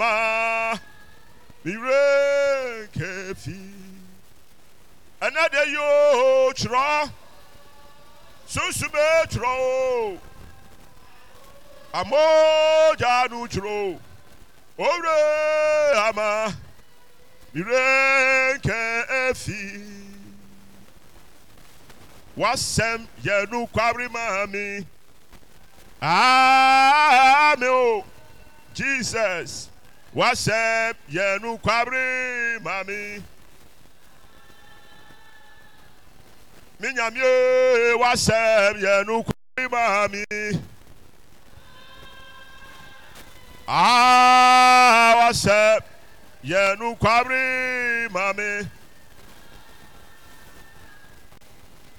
i ene de yo tsuro susume tsuro amoja nu tsuro or ama irkɛ efi wasɛm yɛ nu kuawerima mi ame oh, jesus miyamie wase y mmiwa y nukarma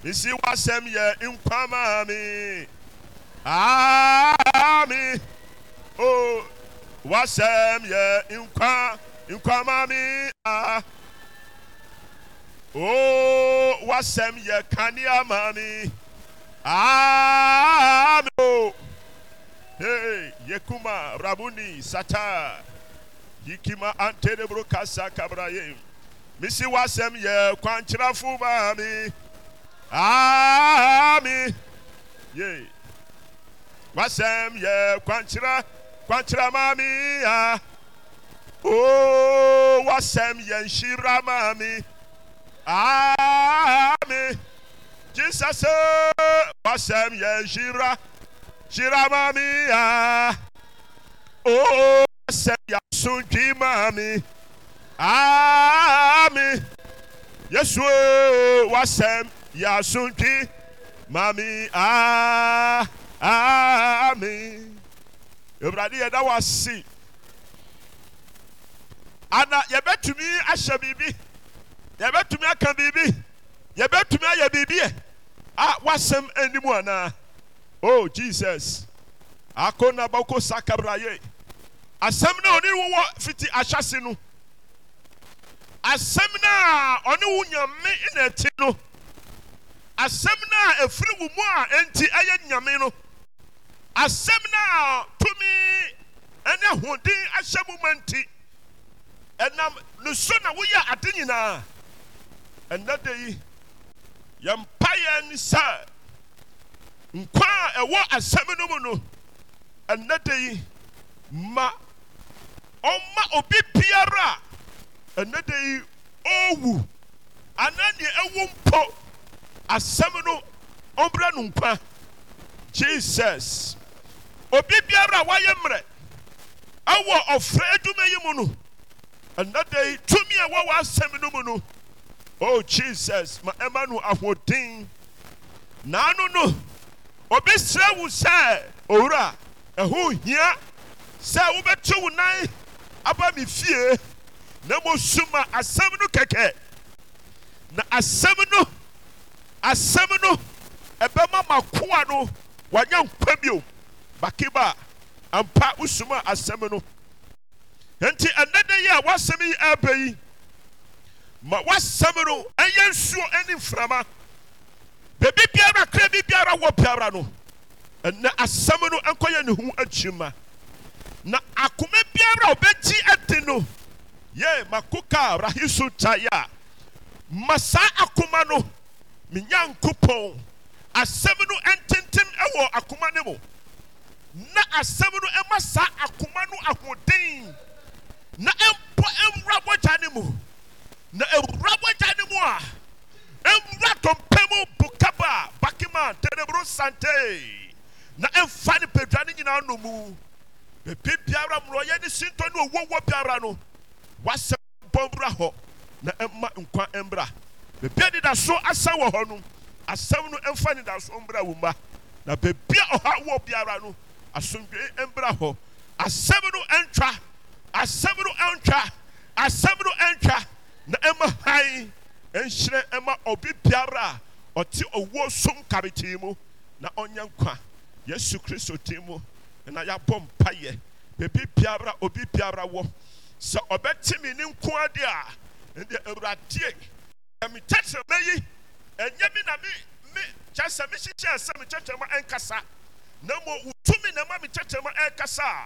misi wasɛm yɛ nkwamami ah, mi wasɛm yɛ n nkamami a o wasɛm yɛ kaniya maa mi a yekuma rabuni sata yikima antene boro ka sa kabrayem mi si wasɛm yɛ kuantsirɛ fu maa mi ma yɛ karamiwasem yshiraamiss yiramam yasmmamimysu wasem eh, ya sum mamim abrade yɛda wɔase ana yɛbɛtumi ahyɛ biribi yɛbɛtumi aka biribi yɛbɛtumi ayɛ biribiɛ a woasɛm animu anaa o jesus ako na bɔko saa kabrayɛ asɛm no ɔne wowɔ fiti ahya se no asɛm no a ɔne wo nyame na ɛti no asɛm noa ɛfiri wɔ mu a ɛnti ɛyɛ nyame no asn hodin ahyɛmo ma nti ɛnam no so na woyɛ ade nyinaa ɛna de yi yɛmpa yɛn sɛ nkwa a ɛwɔ asɛm no mu no ɛna de yi ma ɔmma obibiaura a ɛna de yi owu anaa nea awu mpo asɛm no ɔmbrɛ no nkwa yesus obibiara a woayɛ mmerɛ ɛwɔ ɔfra adum yi mu no ɛna dei tumi a ɛwɔwɔ asɛm no mu no o oh, jesus ma ɛma no ahoɔdin naano no obe srɛ wo sɛ owuraa ɛhowe hia sɛ wubɛte wo nan aba me fie na mosu ma asɛm no kɛkɛ na asɛm no asɛm no ɛbɛma makoa no wanya nkwa bio bake baa ampa wo suma asɛm no enti ɛnɛ dɛ yi a woasɛm yi aba yi ma woasɛm no ɛyɛ nsuɔ ani mframa bebi biara krɛ bi biara wɔ biara no ɛnnɛ asɛm no ɛnkɔyɛ ne ho akyima na akome biara obegyi adin no yɛ m'akokaa rahe so ta eɛ a ma saa akoma no menya nkopɔn asɛm no ɛntenten ɛwɔ akoma ne mu na asɛm no ɛma saa akoma no ahoden na ɛmbɔ mwura bɔagya ne mu na ɛwurabɔagya ne mu a ɛmwra tɔmpɛmu bokaba bakema teneburo santee na ɛmfa ne badwane nyinaa no mu bebi biara mmorɔyɛ ne sintɔne wɔwɔ wɔ biara no wasɛm bɔn bra hɔ na ɛma nkwa mbra bebia nedaso asan wɔ hɔ no asɛm no ɛmfa nedaso mbra wu mma na bebia ɔha wɔ biara no asomdwee mbra hɔ asɛm no ɛntwa asɛm no ɛntwa asɛm no ɛntwa na ɛma hann ɛnhyirɛ ɛma obi biabera a ɔte ɔwɔ som kame tii mu na ɔnyɛ nkwa yesu kristo din mu na yɛabɔ mpa yɛ bebi biabra obi biabera wɔ sɛ ɔbɛtemenne nko adea ɛnde awuradeɛ ɛmekyɛkyerɛma yi ɛnyɛ mi na kyɛsɛ mehyehyɛ sɛmekyɛkyerɛma ɛnkasa nmwo tumi nama metɛtrɛma ɛrɛkasaa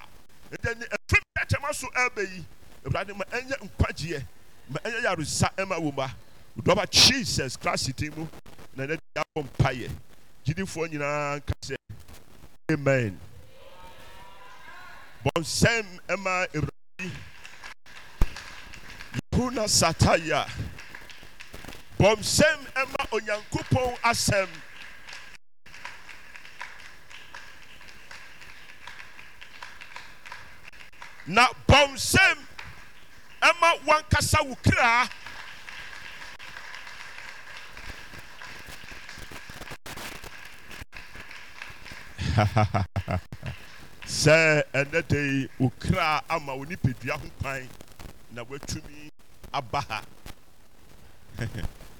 nɛe femetɛtɛma so abɛ yi awrade ma ɛyɛ nkwagyeɛ ma ɛyɛ yawresa ma wo ma dɔba chesus cras ti mu na nɛ dawɔ mpayɛ gyedifoɔ nyinaa nka sɛ amen bɔsɛm ma wra yɛhona sataya bɔmsɛm ma onyankopɔn asɛm na bɔmsɛm ɛma woankasa wo kraa sɛ ɛnɛ dei wo kra ama wo nipadua ho kwan na woatumi aba ha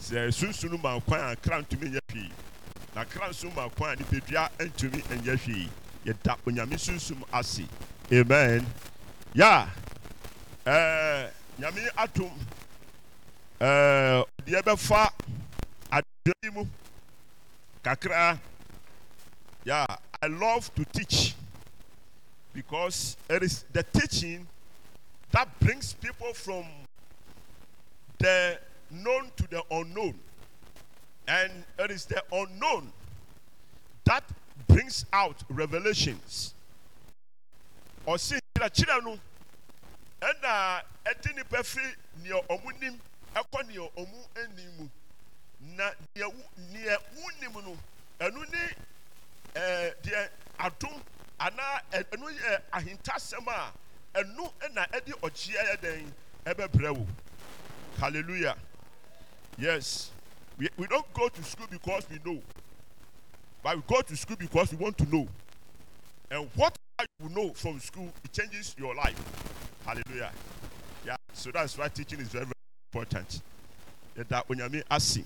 sɛ sunsum makwan akrantumiyɛ i na kra nsmakwan anipadua ntumi yɛ hwei yɛda onyame sunsum ase amen ya ɛɛ ɛɛ deɛ adeɛ yi mu kakra ya i love to teach because it is the teaching that brings people from the known to the unknown and it is the unknown that brings out revelations or see nkyerɛkyerɛ no ɛna ɛde nipa firi nea ɔmo nim ɛkɔ nea ɔmo anim mu na nea wo nea wo nim no ɛno ne ɛɛ deɛ adum anaa ɛno yɛ ahintasɛm a ɛno ɛna ɛde ɔgyeɛ yɛ dɛn ɛbɛbrɛ wo hallelujah yes we we don go to school because we know but we go to school because we want to know and what you know from school, it changes your life. Hallelujah. Yeah. So that's why teaching is very, very important. That when you mean asking.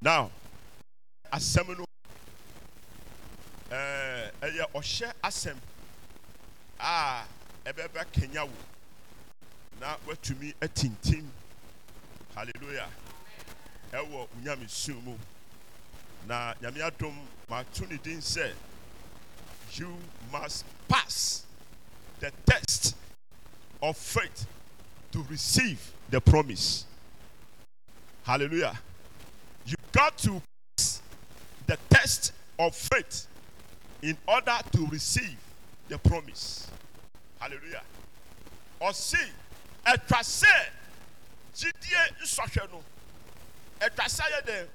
Now, asɛm no ɛyɛ ɔhyɛ asɛm a ɛbɛbɛ kenya wo na watumi atintim hallelujah ɛwɔ nyame sum mu na nyame adom mato ne din sɛ you must pass the test of faith to receive the promise. Hallelujah. You got to pass the test of faith in order to receive the promise. Hallelujah. Or see, a trust gyidie nsɔhwɛ no ɛtwasa yɛ dɛ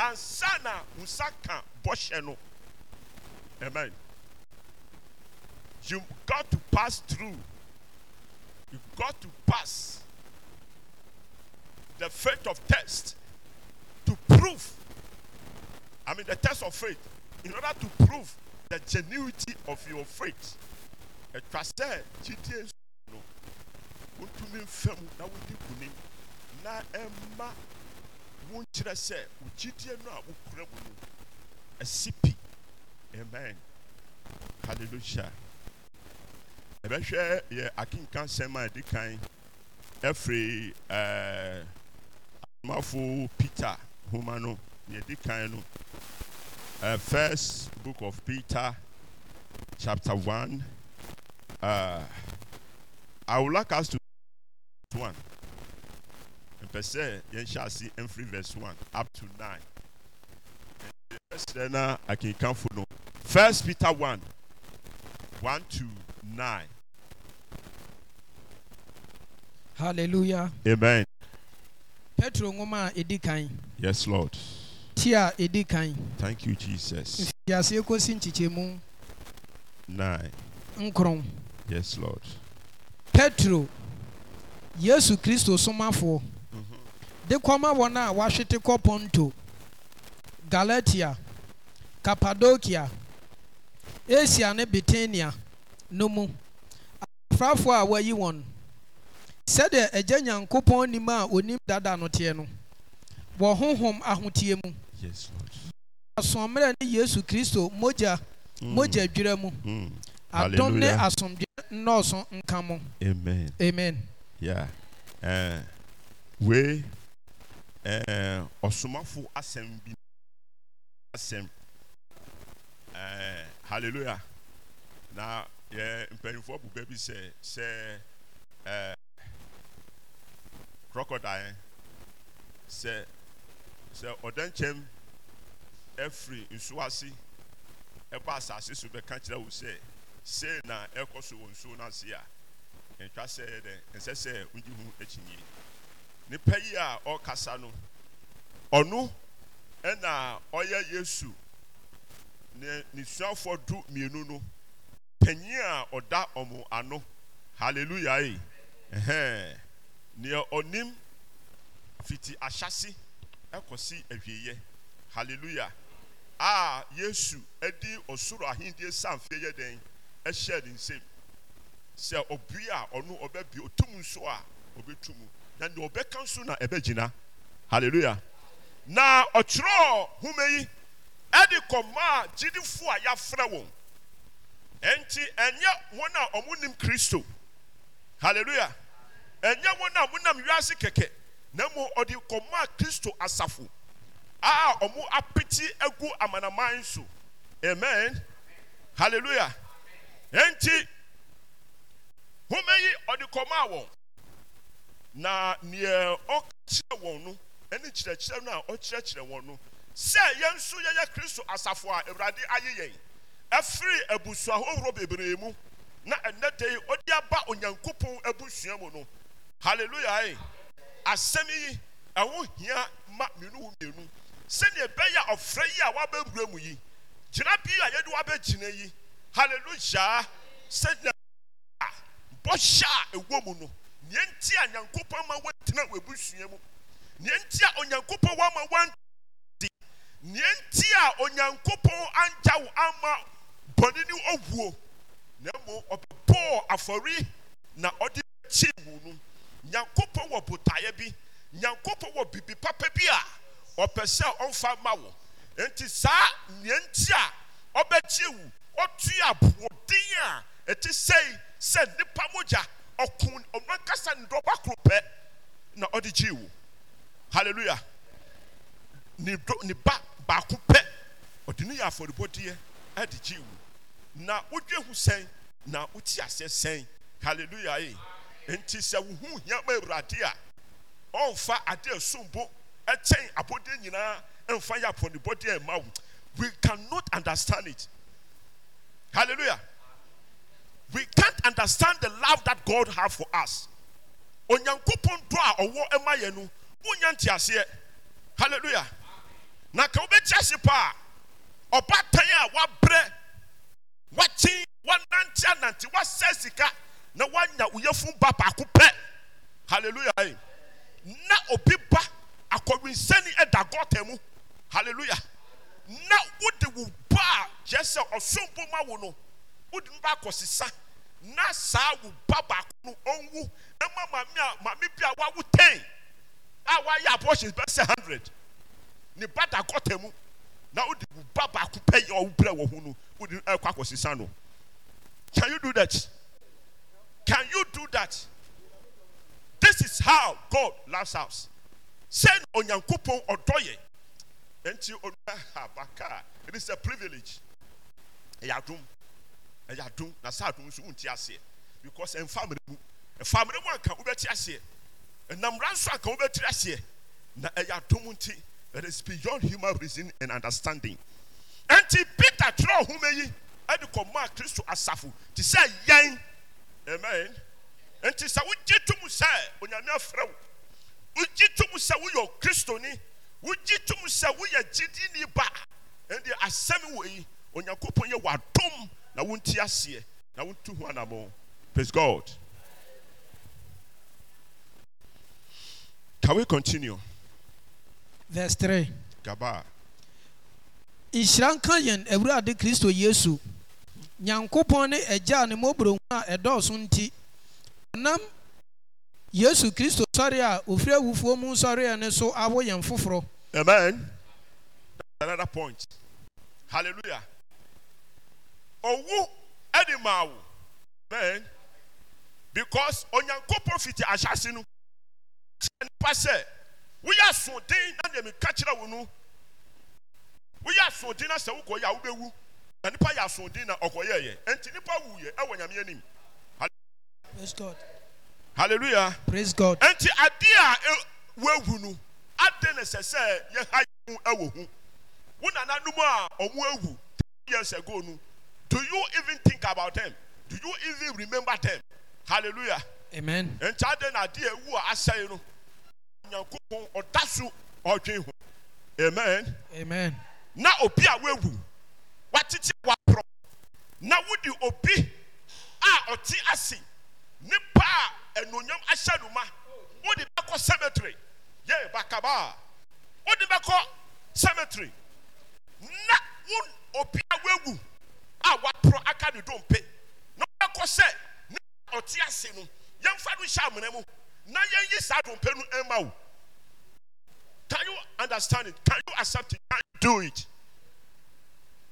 ansana mfɛ mu no Amen. You got to pass through. You got to pass the faith of test to prove. I mean, the test of faith in order to prove the genuity of your faith. ɛtwa sɛ gyidie no wotumi mfam na wodi kunim na Emma. ɛma wonkyerɛ sɛ wo gyidie no a wokura mu no asi pi men allelusa ɛbɛhwɛ yɛ akenka sɛm a ɛdi kan ɛfiri eh, asomafo peter homa no neɛ ɛdi kan no eh, first book of peter chapter 1e awlaccasto1e eh, mpɛ sɛ yɛnhyɛase ɛmfri vers 1e upto 9 nɛsrɛ na akenkafo no First Peter 1 1 to 9. Hallelujah. Amen. Petro ngoma a Yes, Lord. Tia a Thank you, Jesus. Yasiko kosi Nine. Nkron. Yes, Lord. Petro, Yesu Kristo somafoɔ, mm-hmm. de kɔma wɔn a wahwete kɔ Ponto, Galatia, Cappadocia. asia ne bitania no mu afrafoɔ a wɔayi wɔn sɛdeɛ agya nyankopɔn nim a onim dada no teɛ no wɔ honhom ahoteɛ mu asommerɛ ne yesu kristo mogya mm. mogya dwerɛ mu mm. adom ne asomdwerɛ nnɔɔso nka mo amen amen yeah. uh, wei uh, asɛm bi asɛm uh, hallelujah na yɛ mpanyinfoɔ buba bi sɛ sɛ ɛɛ crocodile sɛ sɛ ɔdɛnkyɛm ɛfiri nsuo ase ɛba asase so bɛka kyerɛ wo sɛ sei na ɛkɔ so wɔ nsuo no a ntwa sɛ yɛ dɛ nsɛ sɛ wogye ho akyinnye nipa yi a ɔkasa no ɔno ɛna ɔyɛ yesu nesuafoɔ du mmienu no panyin a ɔda ɔmo ano hallelujah yi eh. ɛhɛn nea ɔnim fiti ahyase ɛkɔsi awieyɛ hallelujah a yesu ɛdi ɔsoro ahendeɛ sanfie yɛ den ɛhyɛ ne nsam sɛ ɔbue a ɔno ɔbɛbi otum nso a tum na nea ɔbɛka nso na ɛbɛgyina hallelujah na ɔtwerɛ home yi. ɛde kɔmaa gyidifo a yɛafrɛ wɔn enti ɛnyɛ wɔn a ɔmonim kristo halleluya ɛnyɛ wɔn a monam wiase kɛkɛ na mmom ɔde kɔmaa kristo asafo a ɔmo apete agu amanaman so amen halleluya enti homa yi ɔde kɔmaa wɔn na neɛ ɔka kyerɛ wɔn no ɛne kyerɛkyerɛ no a ɔkyerɛkyerɛ wɔn no sɛ yɛn nso yɛyɛ kristo asafo a awurade aye yɛn ɛfiri abusua ahohoro bebree mu na ɛnɛ da yi ɔde aba onyankopɔn abusua mu no hallelujah yi asɛm yi ɛho hia ma mmienu wo mmienu sɛnea ɛbɛyɛ ɔfrɛ yi a wabɛwura mu yi gyina bi a yɛde wabɛgyina yi hallelujah sɛnea a bɔhyɛ a ɛwɔ mu no nea nti a nyankopɔn ma wɔntena wɔ abusua mu nea nti a onyankopɔn wama wɔn nea a onyankopɔn angya wo ama bɔne ne owuo na mmom ɔbɛbɔɔ afɔre na ɔde kyii mu no nyankopɔn wɔ botaeɛ bi nyankopɔn wɔ bibi papa bi a ɔpɛ sɛ ɔmfa ma wo nti saa nea nti a ɔbɛkyii wo ɔtue aboɔden a ɛte sɛi sɛ nnipa mogya ɔko ɔno ankasa ndɔba koro pɛ na ɔde kyii wo hallelujah ne ba baako pɛ ɔde ne yɛ afɔrebɔdeɛ ɛde gye wu na wodwe ho sɛn na wote aseɛ sɛn hallelujah yi eh? nti sɛ wohu hia ma awurade a ɔmfa ade asombo ɛkyɛn abɔdeɛ nyinaa ɛmfa yɛ afɔrebɔdeɛ ɛma wo we cannot understand it hallelujah we can't understand the love that God have for us. Onyankopɔn dɔ a ɔwɔ ɛma yɛ no, wonya Hallelujah. na ka wobɛkyɛ hye pa a ɔbatan a wabrɛ wakyin wanante anante wasɛ sika na wanya woyafun ba baako pɛ hallelujah eh. na obi ba akɔwinsɛni ɛda gɔta mu hallelujah na wode wo ba a kyerɛ sɛ ɔsombo ma wo no wode no ba akɔsesa na saa wo ba baako no ɔnwu ɛma maame a maame bi a wawo ten a wayɛ abortion bɛsɛ hundred. ne ba da gɔta mu na wode wo ba baako pɛ yɛ ɔwo brɛ wɔ ho no wode ɛkɔ akɔsesa no can you do that can you do that this is how god loves us sɛ na onyankopɔn ɔdɔ yɛ nti onua abaka it is a privilege ɛyɛ adum ɛyɛ adum na saa adum nso wunti aseɛ because ɛnfamere mu ɛfamere mu anka wobɛti aseɛ ɛnamra nso anka wobɛti aseɛ na ɛyɛ adum nti. It is beyond human reason and understanding. Enti Peter trɔ home yi ɛde kɔmɔ a Kristo asafo te sɛ yɛn. Amen. Enti sɛ wogye to mu sɛ onyame afrɛ wo. Wogye to mu sɛ woyɛ Kristoni. Wogye to mu sɛ woyɛ gyidini ba. Ɛnti asɛm wɔ yi onyankopɔn yɛ wadom na wonti aseɛ na wontu ho anammɔ. Praise God. Can we continue? Verse 3. Gaba. Nhyira nka yɛn Awurade Kristo Yesu. Nyankopɔn ne Agya ne mobro a ɛdɔɔso nti, ɔnam Yesu Kristo sɔre a ofiri awufoɔ mu nsɔreɛ ne so awo yɛn foforɔ. Amen. That's another point. Hallelujah. Owu ɛde maa wo. Amen. Because onyankopɔn fiti ahyase no. Kyerɛ nipa sɛ. woyɛ asoɔden na deɛ meka kyerɛ wo no woyɛ asoɔden na sɛ wokɔyɛ a wobɛwu na nipa yɛ asoɔden na ɔkɔyɛɛyɛ ɛnti nipa wuyɛ ɛwɔ nyame anim praise god hallelujah praise god ɛnti adeɛ a e, woawu no adeɛ na sɛ sɛ yɛha yɛn ho ɛwɔ ho wo nananom a ɔmo awu years ago no do you even think about them do you even remember them hallelujah amen ɛnti adeɛ na adeɛ ewu a asɛe no. nyankopɔ ɔda so ɔdwe ho amn na obi a woawu watete woaporɔ na wode obi a ɔte ase nne pa a anɔnyam ahyɛ numa wode bɛkɔ cemetery yɛ bakabaa wode bɛkɔ cemetery na wo obi a woawu a waporɔ aka de dɔm pe na wobɛkɔ sɛ nia ɔte ase no yɛmfa no hyɛa mmenɛ mu can you understand it can you accept it can you do it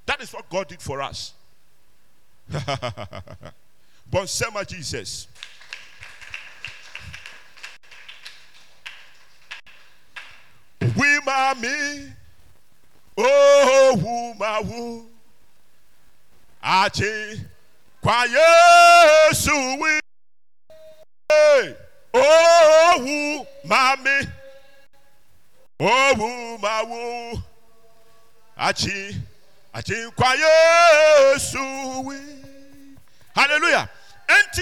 that is what god did for us bonsema jesus my mi oh wuma wu achi kwa yesu we. Hey. Oh, owu mami owu mawu achi achi nkwa yesu wi hallelujah enti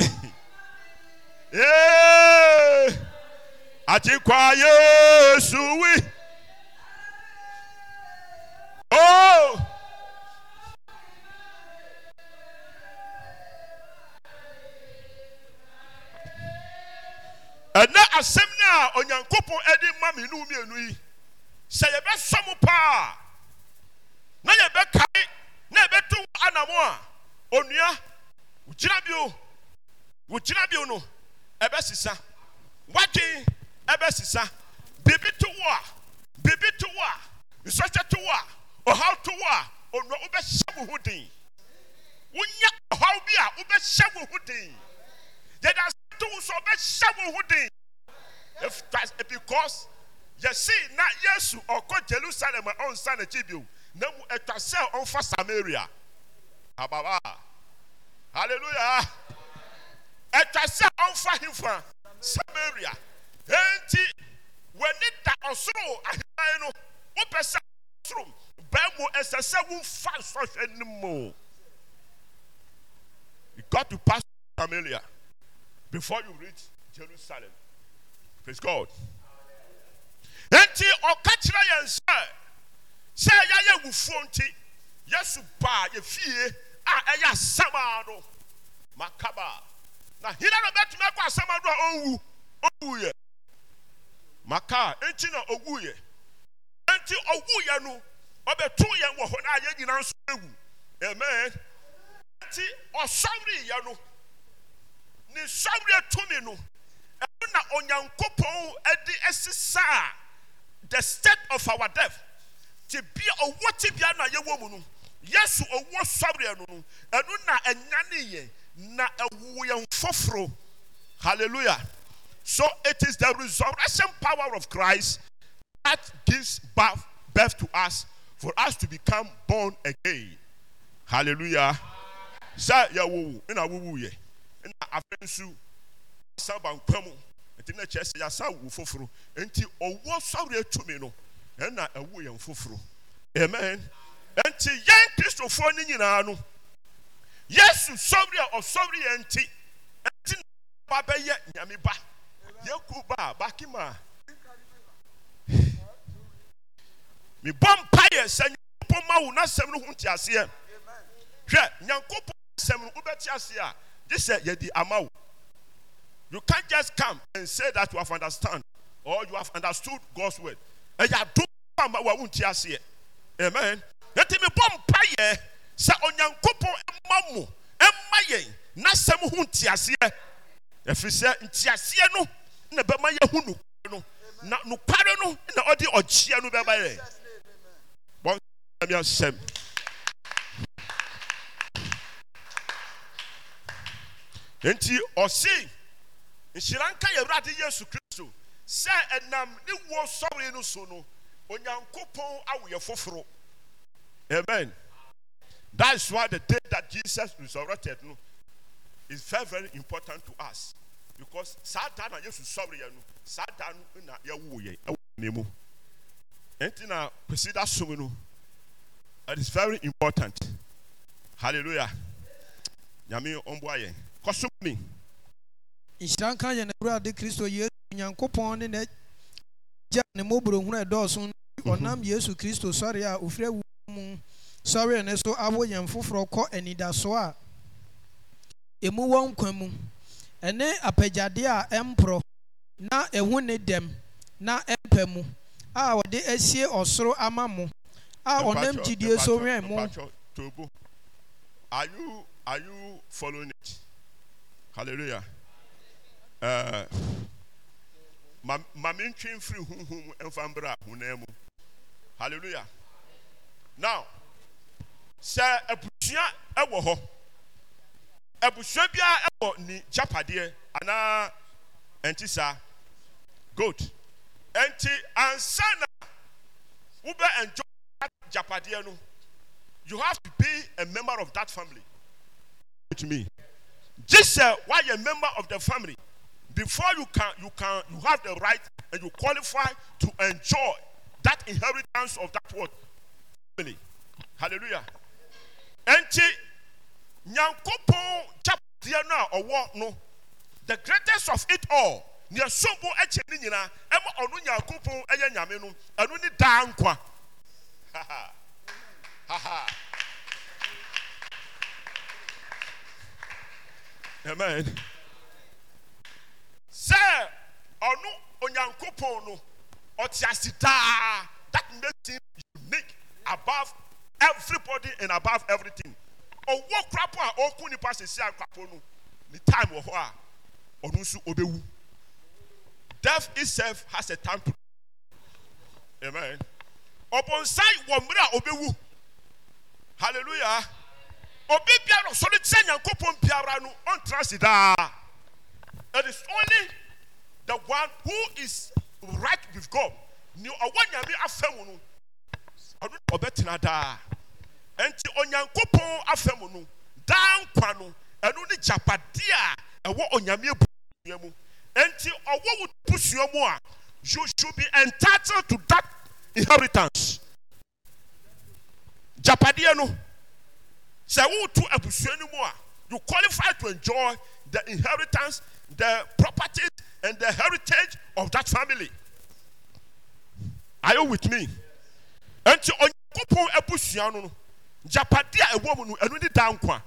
ee eh, achi nkwa yesu wi oh. ɛnɛ asɛm ni a onyankopɔn adi mma meno mieno yi sɛ yɛbɛsɔ mu paa na yɛbɛkae na yɛbɛtu wo anamɔ a onua woina bio wo gyina bio no ɛbɛ sisa woadwe ɛbɛ sisa biribi to wo a biribi to wo a resutwɛ to wo a ɔhaw to wo a onua wobɛhyɛ wo ho den wonya ɔhaw bi a wobɛhyɛ wo ho den yɛ to nso bɛhyɛ wo ho den because yɛsi na yesu ɔkɔ jerusalem a ɔnsa n'akyi bio na mu ɛtwa on ɔnfa samaria ababa hallelujah ɛtwa sɛ ɔnfa hifa samaria enti w'ani da ɔsoro aheman no wopɛ sɛ ɔsoro bɛn mu ɛsɛ sɛ womfa nsɔhwɛ no mu you got to pass samaria. before you reach Jerusalem. Praise God. Enti ɔka kyerɛ yɛn sɛ ya yɛayɛ wufu nti yɛsu baa yɛfie a ɛyɛ asɛm a makaba na hena na bɛtumi akɔ asɛm a owu owu ɔnwu ɔnwuyɛ maka enti na owu ɔwuyɛ enti ɔwuyɛ no ɔbɛtu yɛn wɔ hɔ na yɛn nyinaa nso ewu amen enti ɔsɔre yɛ no. ne nsɔre tumi no ɛno na onyankopɔn de asesa a the state of our death te bia ɔwɔ te bia no a yɛwɔ mu no yesu ɔwɔ sɔre no no ɛno na ɛnyane yɛ na ɛwo yɛn foforo hallelujah so it is the resurrection power of christ that gives birth, birth to us for us to become born again hallelujah sɛ yɛwowo na wowu yɛ na afei nso asa bankwa mu nti na kyerɛ sɛ yasa awu foforo nti ɔwɔ sɔre atumi no ɛna ɛwu yɛn foforo amen nti yɛn kristofoɔ no nyinaa no yesu sɔre a ɔsɔre yɛn nti nti na ba bɛyɛ nyame ba yɛku ba bakima mebɔ mpayɛ sɛ nyankopɔn ma wo n'asɛm no ho nteaseɛ hwɛ nyankopɔn asɛm no wobɛte aseɛ a This is the amount. You can't just come and say that you have understood or you have understood God's word. And you are doing Amen. Let me bomb pie. Sa onyankopo emamu emaye na semu hu ntiaseɛ. Ɛfiri sɛ ntiaseɛ no na bɛma yɛ hu no. Na nokware no na odi ɔkyeɛ no bɛba yɛ. Bɔn mi asɛm. nti ɔsi nhyira nka yɛ awurade yesu kristo sɛ ɛnam ne wo sɔre no so no onyankopɔn awoyɛ foforo amen that is why the day that jesus resurrected no is very very important to us because saa daa na yesu sɔre yɛ no saa daa no na yɛwo yɛ ɛwɔ ne mu nti na kwesi da som no it is very important hallelujah. nyame ɔmboa yɛn kɔsom me nhyira nka yɛn awurade kristo yesu nyankopɔn ne na gya ne mmɔborɔhunu ɛdɔɔso mhm. ɔnam yesu kristo sɔre a ofiri awu mu sɔre ne so awo yɛn foforɔ kɔ anidasoɔ a emu wɔ nkwa mu ɛne apagyadeɛ a ɛmporɔ na ɛho ne dɛm na ɛmpɛ mu a wɔde asie ɔsoro ama mo a ɔnam gyidie so wɛn mo. Are you following it? Hallelujah. Uh, maame ntwe mfiri huhum mfa mbra mu hallelujah now sɛ abusua wɔ hɔ abusua biara wɔ ne japadeɛ anaa ɛnti saa good ɛnti ansana na wobɛ enjoy that japadeɛ no you have to be a member of that family with me. Just uh, why a member of the family, before you can, you can, you have the right and you qualify to enjoy that inheritance of that word family. Hallelujah. Enti nyankopon chapter na owo no the greatest of it all ne sombo eche ni nyina ema ono nyankopon eye nyame no anu ni ha ha ha ha amen Sir, ɔno onyankopɔn otiasita that makes him unique above everybody and above everything ɔwɔ what? a ɔkò nipa sisi akurapo no the time wɔ hɔ a ɔno nso ɔbɛwu death itself has a time to amen ɔbɔnsan wɔ one brother, Obewu. hallelujah obi sɔ re teɛ nyankopɔn biara no ɔntrasi daa ɛis only the one who is right with god ne ɔwɔ nyame afɛ mu no ɔno ɔbɛtena daa ɛnti onyankopɔn afa mu no daa nkwa no ɛno ne gyapadeɛ a ɛwɔ onyame busua mu ɛnti ɔwɔ wobusua mu a youshould be entitled to that inheritance apadeɛ sɛ who to abuse anymore? you qualify to enjoy the inheritance the properties and the heritage of that family are you with me nti onyankopɔn abusua no no japade a ɛwɔ mu no ɛno ne da nkwa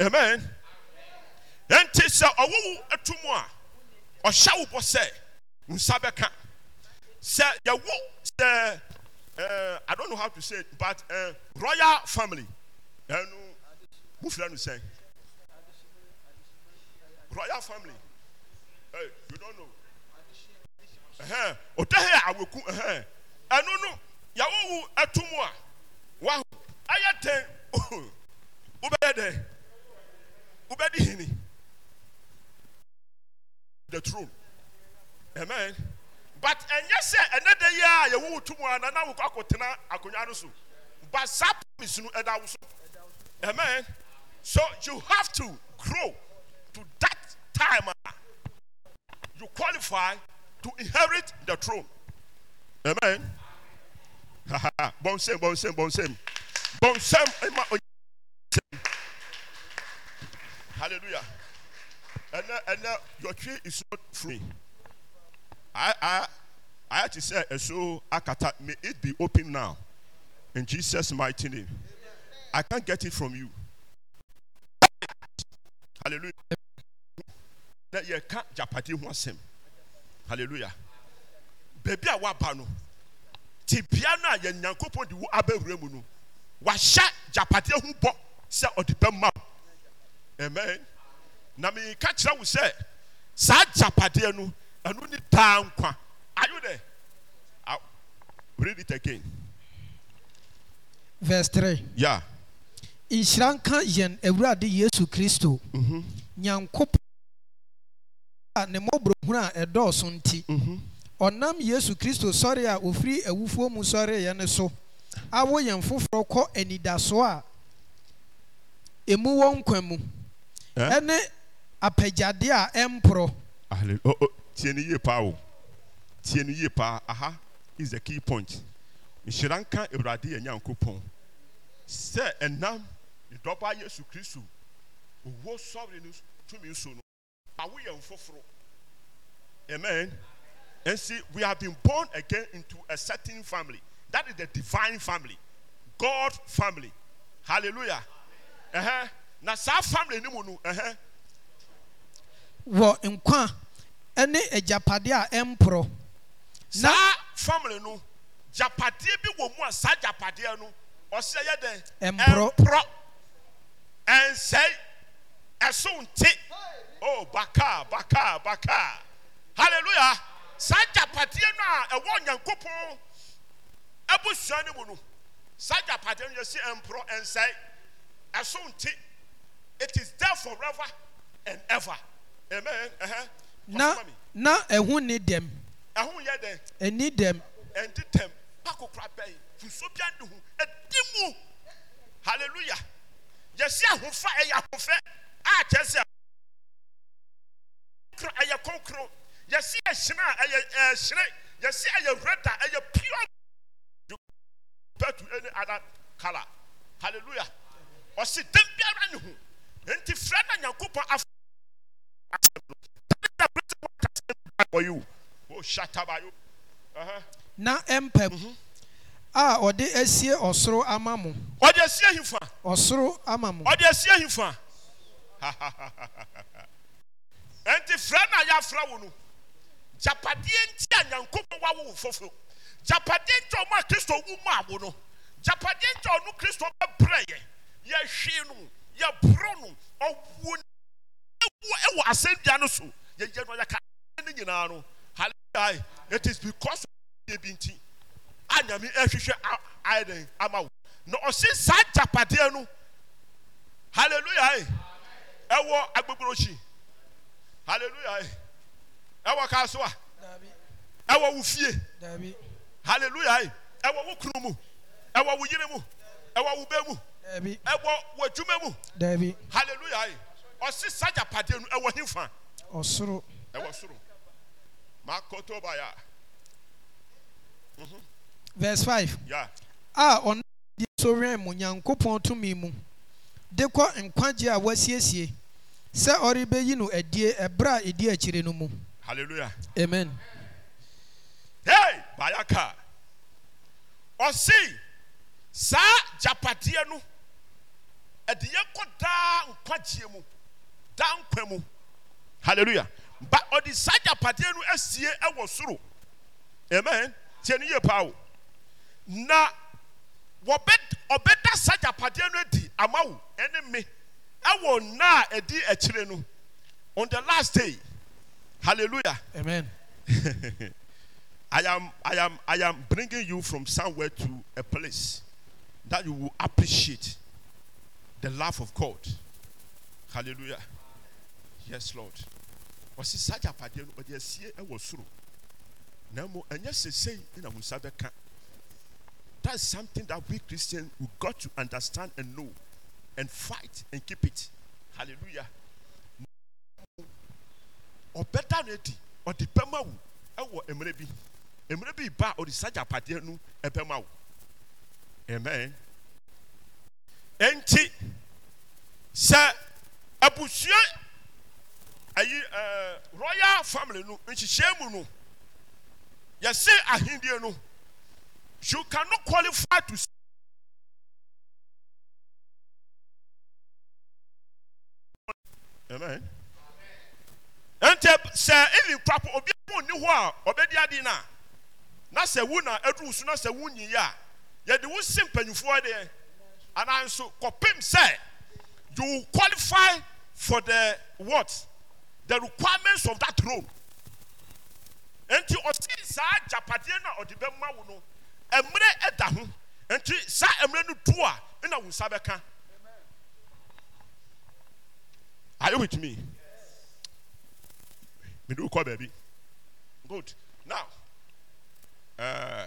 amen nti sɛ ɔwɔ wo atu mu a ɔhyɛ wo bɔ sɛ nsa Say sɛ yɛwo eh, i don't know how to say it but uh, royal family ɛnu wofira nu sɛn royal family hey you don't know ɛhɛn ɔtɛ hɛ aweku ɛhɛn ɛnu nu yawo wu ɛtu mu a wahu ayɛ tɛn wobɛyɛ dɛ wobɛdi hini the throne amen but ɛnyɛ sɛ ɛnɛ de yɛ a yɛwu tumua mu a nana wokɔ akɔtena akonnwa no so but saa promise no ɛda awoso. Amen. So you have to grow to that time uh, you qualify to inherit the throne. Amen. Bon same, bon same, bon same. Bon same. Hallelujah. And now, uh, and now uh, your tree is not free. I, I, I had to say, so Akata, may it be open now. In Jesus' mighty name. atit fro youn yɛka gyapadeɛ ho asɛm allelua berbi a woaba no nti bea no a yɛ nyankopɔn de wo abɛwurɛ mu no wahyɛ gyapadeɛ ho bɔ sɛ ɔde bɛmaw amen na meka kyerɛ wo sɛ saa gyapadeɛ no ɛno ni daa nkwa ayo dɛit againvs3 nhyira nka yɛn awurade yesu kristo mm-hmm. nyankopɔn a ne mmɔborɔhunu a ɛdɔɔso nti mm-hmm. ɔnam yesu kristo sɔre a ofiri awufuo mu sɔreeɛ ne so awo yɛn foforɔ kɔ anidasoɔ a emu wɔ nkwa mu ɛne apagyade a ɛmporɔ tie no yie paa o tie yie paa aha is the key point nhyira nka awurade yɛ nyankopɔn sɛ ɛnam ìdọ́ba yesu kristu owó sọ́ọ̀rì ni túnmí ń àwòyẹ nfoforo amen and see we have been born again into a certain family that is the divine family god family hallelujah na sa family ni mu nu ẹ̀hẹ́n. wọ nkwa ɛne agyapadeɛ a ɛmporɔ. saa family nu, japadeɛ bi wɔ mu a saa japadeɛ no ɔsɛ yɛ dɛ ɛmporɔ and say, Asunti. Oh, Baka, Baka, Baka. Hallelujah. Saja Patiana, a one young couple. Abu Sanimunu. Saja Patiana, you see, Emperor, and say, Asunti. It is there forever and ever. Amen. Uh-huh. na na ɛho ne dɛm. ɛho yɛ dɛ. ɛni dɛm. ɛni dɛm pakokura bɛyi fusobia ne ho ɛdi mu hallelujah yɛsi ahofa ɛyɛ ahofɛ a kyerɛ sɛ koro ɛyɛ kokoro yɛsi ɛhyerɛ a ɛyɛ ɛhyerɛ yɛsi ɛyɛ rɛda ɛyɛ pure compared to any other color hallelujah ɔsi dɛm biara ne ho nti fira na nyankopɔn afɔ ɔyɛ o o hyatabayo. na ɛmpɛ mhm. a ɔde asie ɔsoro ama mo. ɔde asie ahimfa. ɔsoro ama mo. ɔde asie ahimfa. nti frɛ na yɛafra wo no japadeɛ nti a nyankopɔn wawo wo foforo japadeɛ nti a ɔmo a kristo wu maa wo no japadeɛ nti a ɔno kristo bɛbrɛ yɛ yɛhwee no yɛboro no ɔwuo no ɛwɔ asɛnnua no so yɛyɛ no yɛka ne nyinaa no hallelujah it is because of yɛ bi nti. a nyame ahwehwɛ ayɛ dɛn ama wo na ɔse saa gyapadeɛ no Hallelujah! ɛwɔ agbegborokyi Hallelujah! ɛwɔ kaa so a ɛwɔ wo Hallelujah! halleluya ɛwɔ wo kunu mu ɛwɔ wo yere mu ɛwɔ wo bɛ mu ɛwɔ wo adwuma mu Hallelujah! ɔse saa gyapadeɛ no ɛwɔ hemfa ɔsoro ɛwɔ soro makotobaya mm-hmm. 5a ɔnaɛdi nsoweɛn mu nyankopɔn tumi mu de kɔ nkwagyeɛ a wɔasiesie sɛ ɔre bɛyi no adie ɛberɛ a ɛdi akyirɛ no muaeya amen eibayak ɔsei saa gyapadeɛ no ɛde yɛnkɔ daa nkwagyeɛ mu daa nkwa mu alleluya ɔde saa gyapadeɛ no asie ɛwɔ soro mn tinyep na ɔbɛda saa agyapadeɛ no adi ama wo ɛne me ɛwɔ nna a ɛdi akyire no on the last day hallelujah amen I am, I, am, I am bringing you from somewhere to a place that you will appreciate the love of God. Hallelujah. Yes, Lord. Wɔsi saa agyapadeɛ no ɔde asie ɛwɔ soro na mo ɛnyɛ sese ɛna mo nsa bɛka that's something that we Christians we got to understand and know and fight and keep it. Hallelujah. Or better yet, or the Pemawu eh, or Emrebi. Emrebi ba or the Saja Patienu Epemawu. Eh, Amen. Enti sɛ abusua ayi ɛɛ eh, royal family no nhyehyɛ mu no yɛsi ahindiɛ no. You cannot qualify to. Amen. ɛntɛ sɛ even papo obi mo ni hɔ a ɔbɛdi not say na a wo not say so na ya. wo nyi simple you for si and I so copim say, you qualify for the what the requirements of that role you ɔsi saa sir, na or the ma wo no mmerɛ ɛda ho nti saa no a ɛna wo nsa bɛka are you with me mede wokɔ baabi good now uh,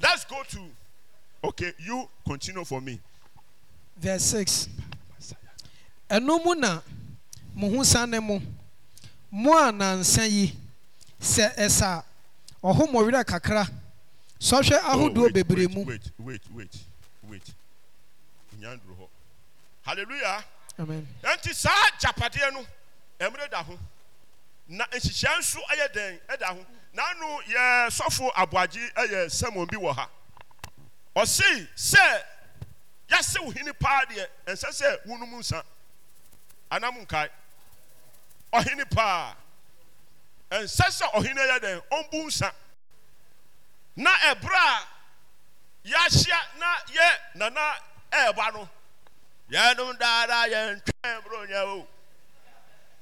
let's go to okay you continue for me verse 6 ɛno mu na mo ho ne mo mo a nansa yi sɛ ɛsa ɔho mɔwerɛ kakra sɔhwɛ ahodoɔ bebree mu. wait hallelujah. amen. nti saa japadeɛ no mmerɛ da ho na nhyehyɛ nso yɛ den da ho n'ano yɛ sɔfo aboagye yɛ sɛmon bi wɔ ha ɔsi sɛ yɛsi wo hini paa deɛ ɛnsɛ sɛ wunum nsa anam nkae ɔhini paa ɛnsɛ sɛ ɔhini yɛ dɛn ɔmbu nsa. na ɛbrɛ a yɛahyia na yɛ nana ɛreba no yɛnom daada yɛntwɛn borɔnya o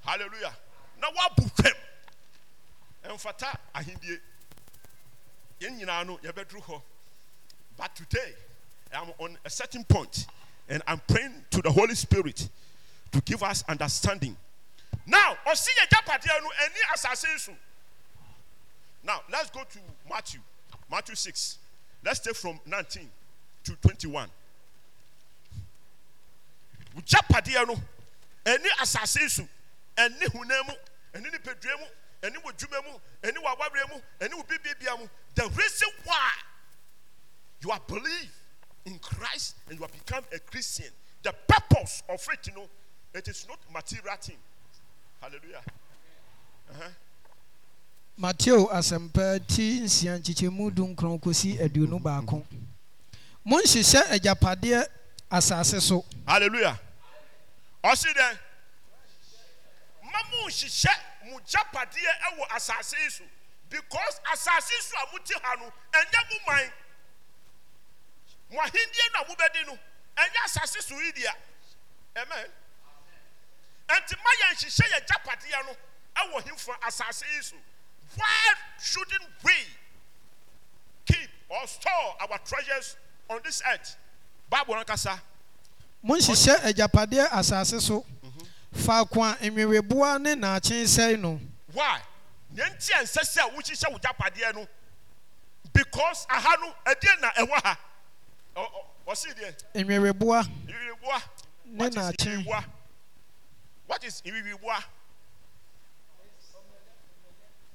halleluya na woabu twam ɛmfata ahendie yɛn nyinaa no yɛbɛduru hɔ but today i'm on a certain point and i'm praying to the holy spirit to give us understanding now ɔsi yɛ gyapadeɛ no ani asase so now let's go to matthew Matthew 6. Let's take from 19 to 21. wogya padeɛ no ɛne asase so ɛne honam mu ɛne nipadua mu ɛne wɔ dwuma mu ɛne wɔ awareɛ mu ɛne wɔ bibiabia mu the reason why you are believe in christ and you have become a christian the purpose of it you know it is not material thing hallelujah uh-huh. mateo asɛmpa ti nsia nkyekyɛmu du nkron kɔsi aduonu baako monhyehyɛ agyapadeɛ asase so halleluya ɔse dɛ ma monhyehyɛ mo gyapadeɛ ɛwɔ asase so because asase yi so a mote ha no ɛnyɛ mo man mo ahendeɛ no a mobɛdi no ɛnyɛ asase so yi dea amen ɛnti ma yɛn hyehyɛ yɛ gyapadeɛ no ɛwɔ hemfa asase yi so Why shouldn't we keep or store our treasures on this earth? Báàbò náà kásá. Mo ń ṣiṣẹ́ ẹ̀jàpàdé àṣàṣe so. Faako a ìmìrìbúwa ní nàákye nsẹ́yìn nù. Why? Yẹn ti ẹ̀ ń sẹ́sẹ́ àwọn òṣìṣẹ́ wò jápàdé ẹnu. Because aha no ẹdín na ẹwọ ha. Ọ̀sìn díẹ̀. Ìmìrìbúwa. Ìmìrìbúwa. Ní nàákye. What is ìmìrìbúwa?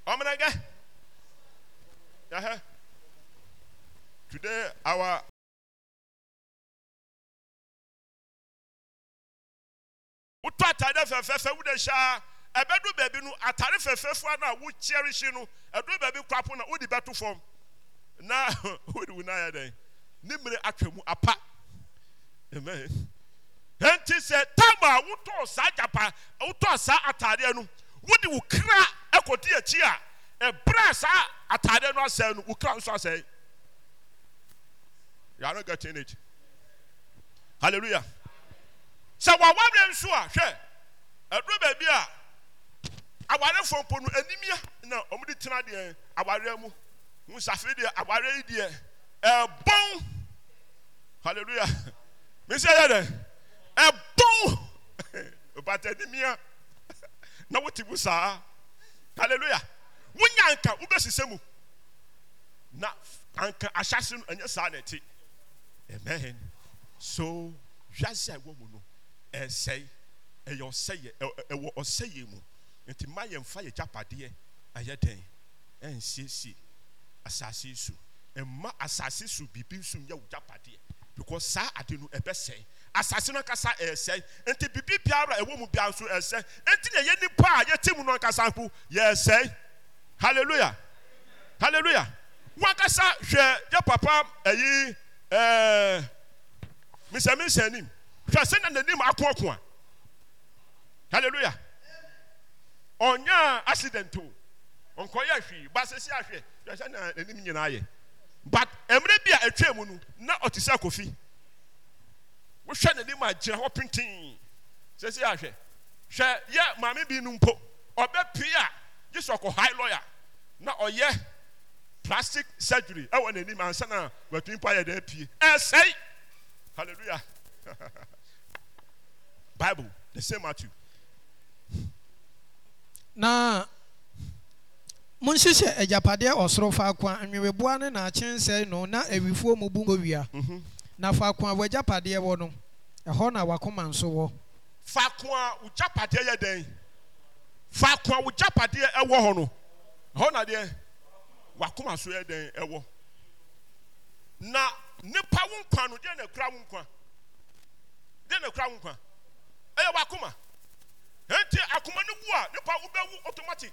Omenaga. Uh-huh. Today, our wotɔ atade fɛfɛɛfɛ wode hyɛ a ɛbɛdu baabi no atare fɛfɛɛfoa no a wokyɛrehye no ɛdu baabi kwapo na wode bɛto fam na wode wo noayɛ dɛn ne mmere atwa mu apa amen enti sɛ tam a wotɔɔ saa gyapa wotɔɔ saa atadeɛ no wode wo kra ɛkɔte akyi a ɛbrɛ a saa atadɛ no asɛe no wo kra nso asɛe yankɛtn haleluya sɛ wɔawareɛ nso a hwɛ ɛdorɔ baabi a awarɛ fompo no animia na ɔmude tena deɛ awareɛ mu wnsafe biɛ awarɛ yideɛ ɛbɔn halleluya me sɛ yɛ dɛ ɛbɔ bt anima na woti mu saa alleluya wonya nka wobɛsi sɛ mu na anka ahyase no ɛnyɛ saa ne ɛti mɛ so wiasae wɔ mu no ɛsɛe ɛɛwɔ ɔsɛ yɛ mu nti ma yɛmfa yɛ gya padeɛ ɛyɛ dɛn nsiesie asase su mma asase su biribi nsomyɛwo gya padeɛ because saa ade no ɛbɛsɛe ass noasɛsɛe nti bibibiawr ɛwm bisosɛ ntinɛ yɛnipa a yɛti mu no akasa o yɛsɛe elalela wankasa hwɛ yɛ papa ayi minsɛmisɛnim hwɛ sɛna nan akoko a lelua ɔnyaa acident o ɔkɔyɛ hw bassi ahwɛ sɛnan nyinaayɛ bt merɛ bia ɛtw mu no na ɔti sɛ kɔfi wohwɛ n'anim agyina hɔ pintin sɛsi ahwɛ hwɛ yɛ maame bi no mpo ɔbɛ pii a gye sɛ ɔkɔ high lawyer na ɔyɛ plastic surgery ɛwɔ n'anim ansa na watumi mpo ayɛ dɛ pie ɛsɛe hallelujah bible the same matthew. na monhyehyɛ agyapadeɛ ɔsoro faako a nweweboa ne naakyensɛe no na awifoɔ mu bu nkowia mhm. na faako a wɔ agyapadeɛ wɔ no ɛhɔ na wakoma nso wɔ. faako a wogyapadeɛ yɛ dɛn faako a wogyapadeɛ ɛwɔ hɔ no ɛhɔ na deɛ wakoma so yɛ dɛn ɛwɔ na nipa wo nkwa no deɛ na ekura wo nkwa deɛ na ekura wo nkwa ɛyɛ wakoma enti akoma no wu a nipa wo bɛ wu automatic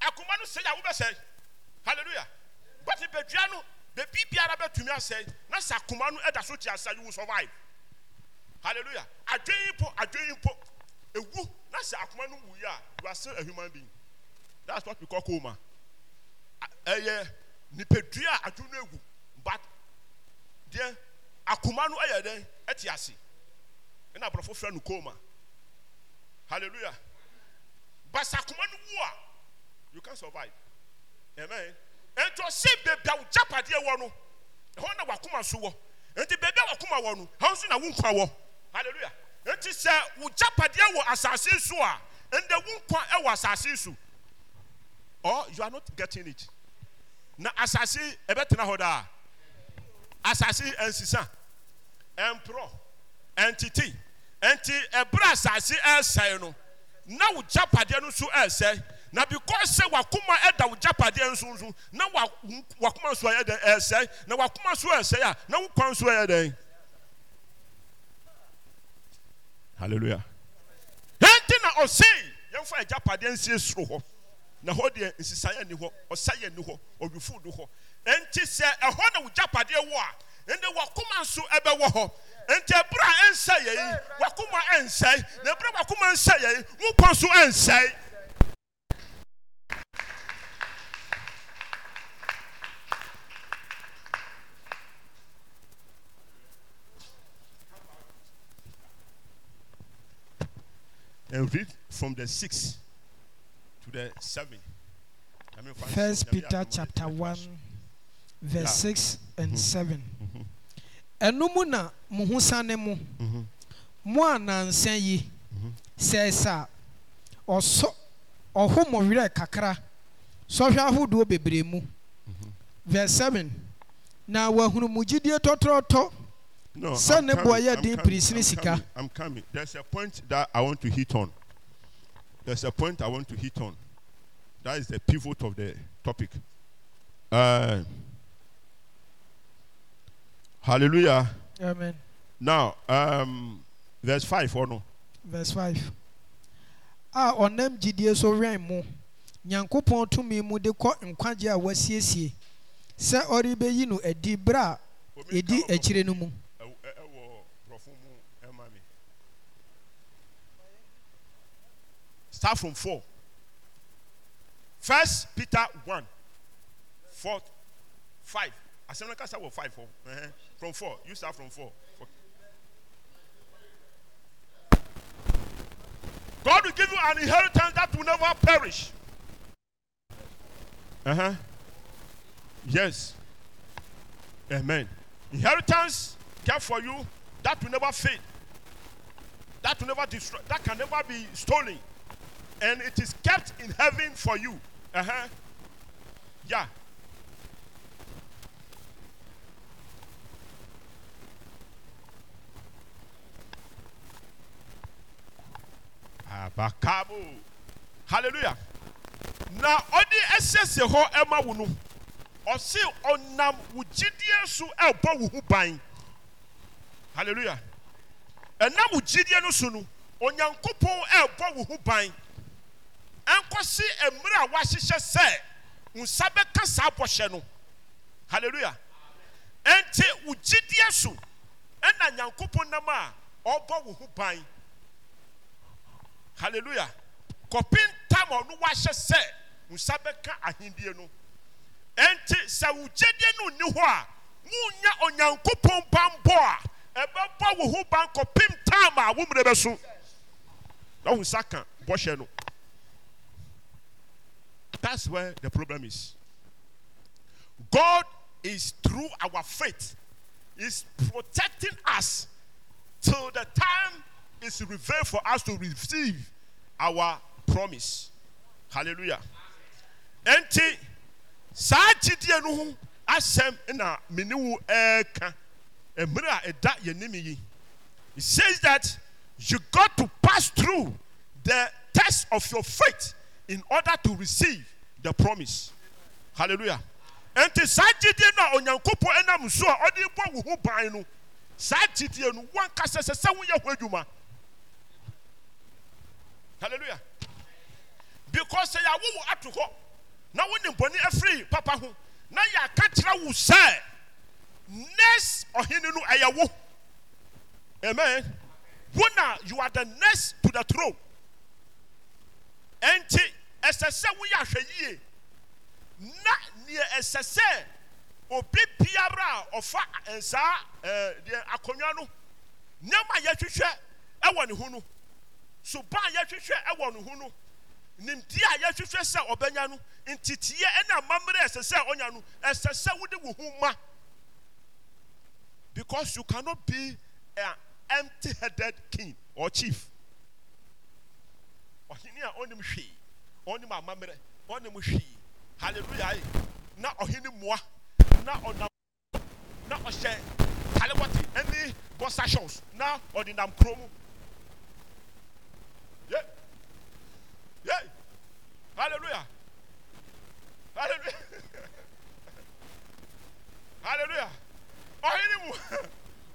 akoma no sɛɛ a wo bɛ sɛɛ hallelujah but bedua no beebi biara bɛ tumi asɛɛ na sɛ akoma no ɛda so te asa you will survive. hallelujah adwene mpo adwene mpo ewu na sɛ akoma no wuyi a you are still a human being that's what we call coma ɛyɛ nipadua a adwene no egu but deɛ akoma no ɛyɛ dɛ ɛte ase ɛna aborɔfo fira no coma hallelujah but sɛ akoma no wu a you can survive amen nti se beebi a wogyapadeɛ wɔ no ɛhɔ na wakoma so wɔ nti beebi a wakoma wɔ no ɛhɔ nso na wo wɔ halleluya enti sɛ wo gyapadeɛ wɔ asase so a ɛnna wo nkwa wɔ or you are not getting it na asase ɛbɛtena hɔ daa asase ɛnsisa ɛmporɔ entity, ɛnti ɛbrɛ asase ɛsɛe no na wo gyapadeɛ no nso ɛsɛe na because sɛ wakoma ɛda wo gyapadeɛ nso nso na wakoma nso ɛyɛ dɛn ɛsɛe na wakoma nso ɛsɛe ya. na wo kwan nso ɛyɛ dɛn. Hallelujah. yɛnti na ɔsei yɛmfa agyapadeɛ nsie soro hɔ na hɔ deɛ nsisaeɛ ni hɔ ɔsayɛ ni hɔ ɔwifo ni hɔ na wogyapadeɛ wɔ a ɛnɛ wakoma nso ɛbɛwɔ hɔ nti ɛberɛ a ɛnsɛ yɛ yi wakoma ɛnsɛe na ɛberɛ wakoma and read from the 6 to the 7. First Peter chapter 1 verse 6 and mm-hmm. 7. ɛno mm-hmm. mu na mo ho sane mu mo mm-hmm. a nansa yi mm-hmm. sɛ sa ɔsɔ ɔho mo kakra sɔhwɛ ahodoɔ bebree mu verse 7 na wahunu mo gyidie tɔtrɔtɔ no, I'm coming, I'm, coming, I'm, coming, There's a point that I want to hit on. There's a point I want to hit on. That is the pivot of the topic. Uh, hallelujah. Amen. Now, um, verse 5 or no? Verse 5. on ɔnam gyidie so wɛn mu nyankopɔn mu de ko nkwagye a Se sɛ ɔrebɛyi no adi bere a no Start from 4. First Peter 1, 4, 5. Assembly can start with 5. 4. Uh-huh. From 4. You start from 4. four. God will give you an inheritance that will never perish. Uh huh. Yes. Amen. Inheritance care for you that will never fade, that will never destroy, that can never be stolen and it is kept in heaven for you. Uh-huh. Yeah. Abakabo. Hallelujah. Na ɔde ɛsɛsɛ ema ɛma wo onam ɔsi su wo gyidie so ban. Hallelujah. Enam wo gyidie no so no, onyankopɔn ban. ɛnkɔsi mmiri a wahyehyɛ sɛ nsa bɛka saa bɔhyɛ no hallelujah ɛnti wo gyidie so ɛna nyankopɔn nam a ɔbɔ wo ho ban hallelujah kɔpin tam a ɔno wahyɛ sɛ nsa bɛka ahendeɛ no ɛnti sɛ wo gyidie no nni hɔ a wonya onyankopɔn banbɔ a ɛbɛbɔ wo ho ban kɔpin tam a wo mmerɛ so na wo nsa ka bɔhyɛ no. That's where the problem is. God is through our faith is protecting us till the time is revealed for us to receive our promise. Hallelujah. And saa no asɛm na mene wo mmerɛ a ɛda yɛnim yi. It says that you got to pass through the test of your faith in order to receive the promise. Hallelujah. And saa gyidie no a Onyankopɔn nam so a ɔde bɔ wo ho ban no saa gyidie no wankasa Hallelujah. Because sɛ awu wo ato hɔ na wo ne bɔne papa ho na yɛaka kyerɛ wo sɛ next ɔhene no ɛyɛ Amen. Wo na you are the next to the throne. Enti ɛsɛ sɛ woyɛ ahwɛ yie na neɛ ɛsɛ sɛ obi biara a ɔfa nsaa eh, deɛ akonnwa no nneɛma yɛhwehwɛ ɛwɔ ne ho no suban a yɛhwehwɛ ɛwɔ ne ho no nimdeɛ a yɛhwehwɛ sɛ ɔbɛnya no nteteɛ ɛna amammerɛ ɛsɛ sɛ ɔnya no ɛsɛ sɛ wode wo ho ma because you cannot be an empty-headed king or chief ɔhene a ɔnim hwee ɔnim amammerɛ ɔnim hwii hallelujah na ɔhene mua na ɔnam na ɔhyɛ talewɔte ɛne bɔsashons na ɔde nam kuro mu ye ye hallelujah hallelujah hallelujah ɔhene mu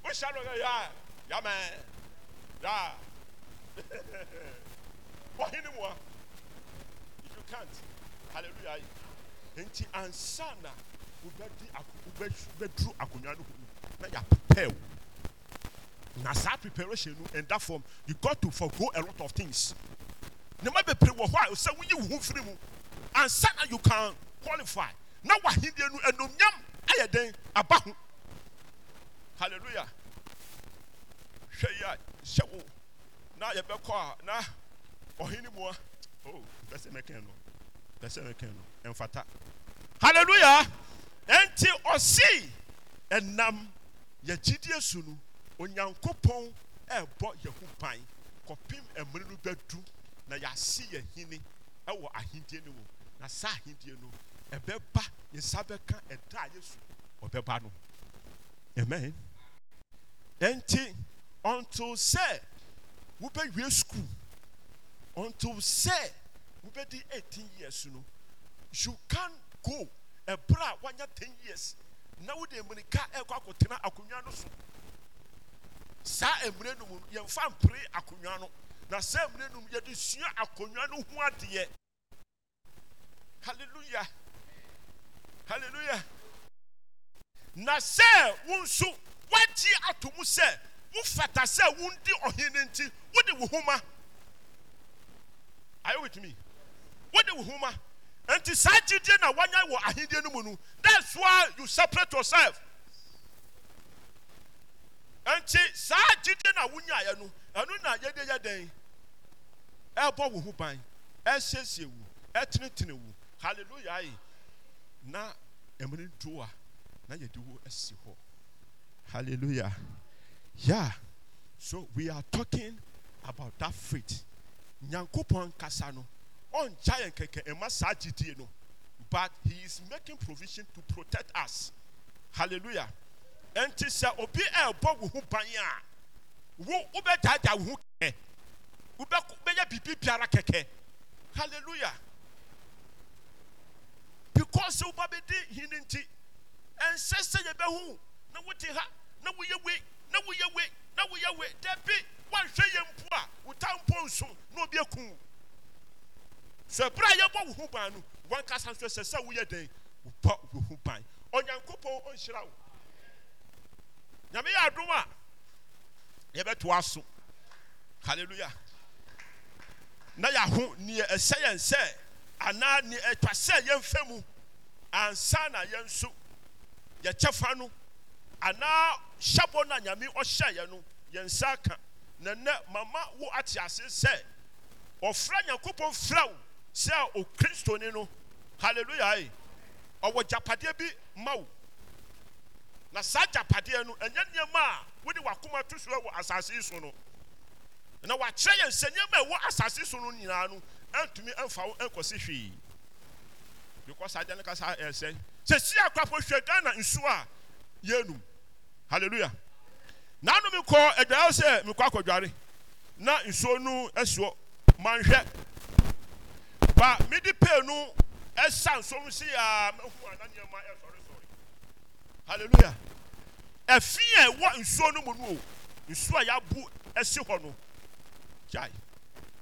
wohyɛ no ya yamɛ ya ɔhene mua. la nti ansa na wbɛdur akongua no na yaprepare wo na saa preparation nu an tha fom you gt to forgo a lot of things na ma bepre wɔ hɔ asɛ woyi wo ho mfri mu ansana you can qualify na wahenni nu anmnyam ayɛ dɛn aba ho alelua hwɛa hyɛ wo nayɛbɛkɔ na henmua oh pɛsɛ mɛkɛn no pɛsɛ mɛkɛn no ɛnfata hallelujah ɛnti ɔsi ɛnam yɛgyidie su no onyankopɔn ɛɛbɔ yɛho ban kɔpem ɛmiri no bɛdu na yɛasi yɛ hini ɛwɔ ahindie no mu na saa ahindie no ɛbɛba yɛn nsa bɛka ɛda a yesu ɔbɛba no amen ɛnti ɔnto sɛ wobɛwie sukuu until sɛ wobɛdi 18 years no you can go ɛberɛ a woanya 10 years na wode mmirika ɛkɔ akɔtena akonnwa no so saa mmerɛ no mu no yɛmfa mpere akonnwa na saa mmerɛ no mu yɛde sua akonnwa no ho hallelujah hallelujah na sɛ wo nso woagye ato mu sɛ wofata sɛ wondi ɔhene nti wode wo Are you with me? What the woman? And to say, na wanya one ahindie no mu no. That's why you separate yourself. And to say, na wunya ya no. Ɛno na yɛde yɛ dɛn. Ɛbɔ wo ho ban. Ɛsiesie wo. Ɛtenetene wo. Hallelujah. Na ɛmene dua. na yɛde wo asi Hallelujah. Yeah. So we are talking about that faith nyankopɔn kasa no ɔnkya yɛn kɛkɛ ɛma saa gyidie no but he is making provision to protect us hallelujah ɛnti sɛ obi ɛɛbɔ wo ho ban a wo wobɛdaadaa wo ho kɛkɛ wobɛyɛ biribi biara kɛkɛ hallelujah because woba bɛdi hene nti ɛnsɛ sɛ yɛbɛhu na wote ha na woyɛ wei na woyɛ wei na woyɛ wei dabi ho sɛ berɛ a yɛbɔ wo ho ban no wankasa nhwɛ sɛ sɛ woyɛ dɛn wobɔ wo ho ban onyankopɔn ɔnhyira wo nyame yɛ adom a yɛbɛtoa so halleluya na yɛaho neɛ ɛsɛ yɛn sɛ anaa neɛ ɛtwa sɛ yɛmfa mu ansa na yɛn nso yɛkyɛ no anaa hyɛbɔ no a nyame ɔhyɛ no yɛn ka na mama wo ate ase sɛ ɔfra nyankopɔn fira wo sɛ okristoni no halleluya yi ɔwɔ gyapadeɛ bi ma wo na saa gyapadeɛ no ɛnyɛ nneɛma a wode wakoma to so wɔ asase yi so no na wakyerɛ yɛn sɛ nneɛma a ɛwɔ asase so no nyinaa no ɛntumi ɛmfa wo ɛnkɔsi hwee because adeɛ no kasa ɛsɛ sɛ si akwapɔ hwɛ ghana a yɛnum halleluya nanom kɔ adwaeɛ sɛ mekɔ akɔdware na nsuo no asi manhwɛ ba mede pee no ɛsa nsom si a mehu ana nneɛma ɛsɔresɔre halleluya ɛfi a ɛwɔ nsuo no mu no o nsuo a yɛabu ɛsi hɔ no gyae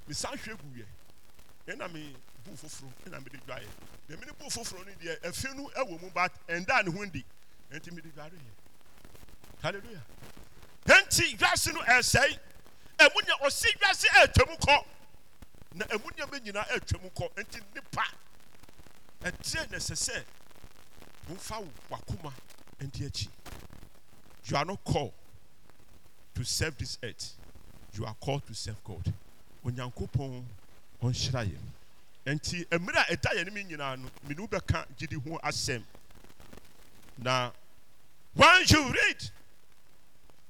mesan hwɛ gu yɛ ɛna me bu foforɔ ɛna mede dwaeɛ deɛ mene bu foforɔ no deɛ ɛfi no ɛwɔ mu but ɛndaa ne ho ndi ɛnti mede dware yɛ halleluya ɛnti dwase no ɛsɛe ɛmu nya ɔsi dwase ɛtɛmu kɔ na ɛmu nneɛma nyinaa ɛretwa mu kɔ nti nipa ɛtiɛ na ɛsɛ sɛ wofa wakoma akyi you are not called to serve this earth you are called to serve God onyankopɔn ɔnhyira yɛn nti mmerɛ a ɛda yɛn mu nyinaa no mmienu bɛka ho asɛm na when you read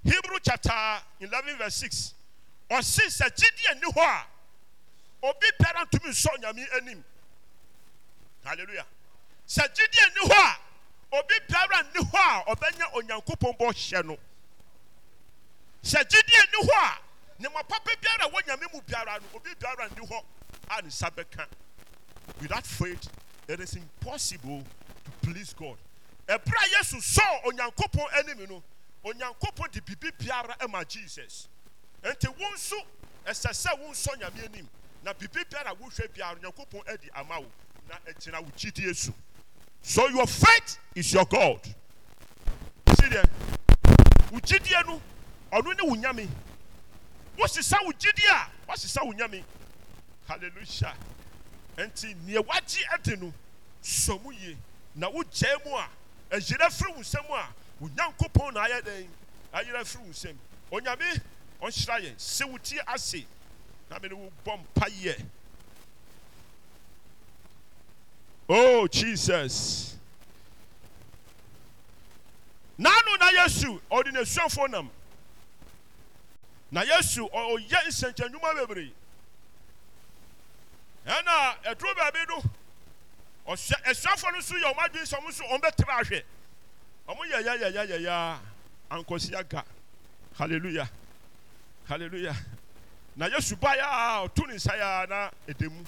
hebrew chapter eleven verse six ɔsi sɛ gyidi ɛni hɔ a obi biara ntumi nsɔ nyame anim halleluya sɛ gyidie nni hɔ a obi biara nni hɔ a ɔbɛnya onyankopɔn bɔ hyɛ no sɛ gyidie nni hɔ a nemapapa biara wɔ nyame mu biara no obi biara nni hɔ a ne nsa bɛka without faith it is impossible to please god ɛberɛ a yesu sɔɔ onyankopɔn anim no onyankopɔn de biribi biara ma jesus enti wo nso ɛsɛ sɛ wo nsɔ nyame anim bibibiara wohwɛ biara onyankopɔn adi ama wo na agyina wo gyidie so so your fit is your god ɛsɛ wo gyidiɛ no ɔno ne wo nyame wosesa wo gyidiɛ a woasesa wo yame allelusa nti neɛ wagye de no sɔm ye na wogyee mu a ayerɛ fri wo nsɛ m a onyankopɔn naayɛ dɛn ayerɛ fri wosɛm onyame ɔhyerɛ yɛ sɛ wo ti ase nmnwo bɔ payɛ o oh, jesus naano na yɛsu ɔde ne suafoɔ nam na yesu ɔyɛ nsɛkyɛdwuma bebree ɛnna ɛduro baabi no asuafoɔ no so yɛ ɔma dwensɛm nso ɔm bɛte baahwɛ ɔmo yɛyayɛayɛyaa ankɔsi aga halleluya halleluya na yesu baeɛ a ɔto ne nsaeɛ na ɛda mu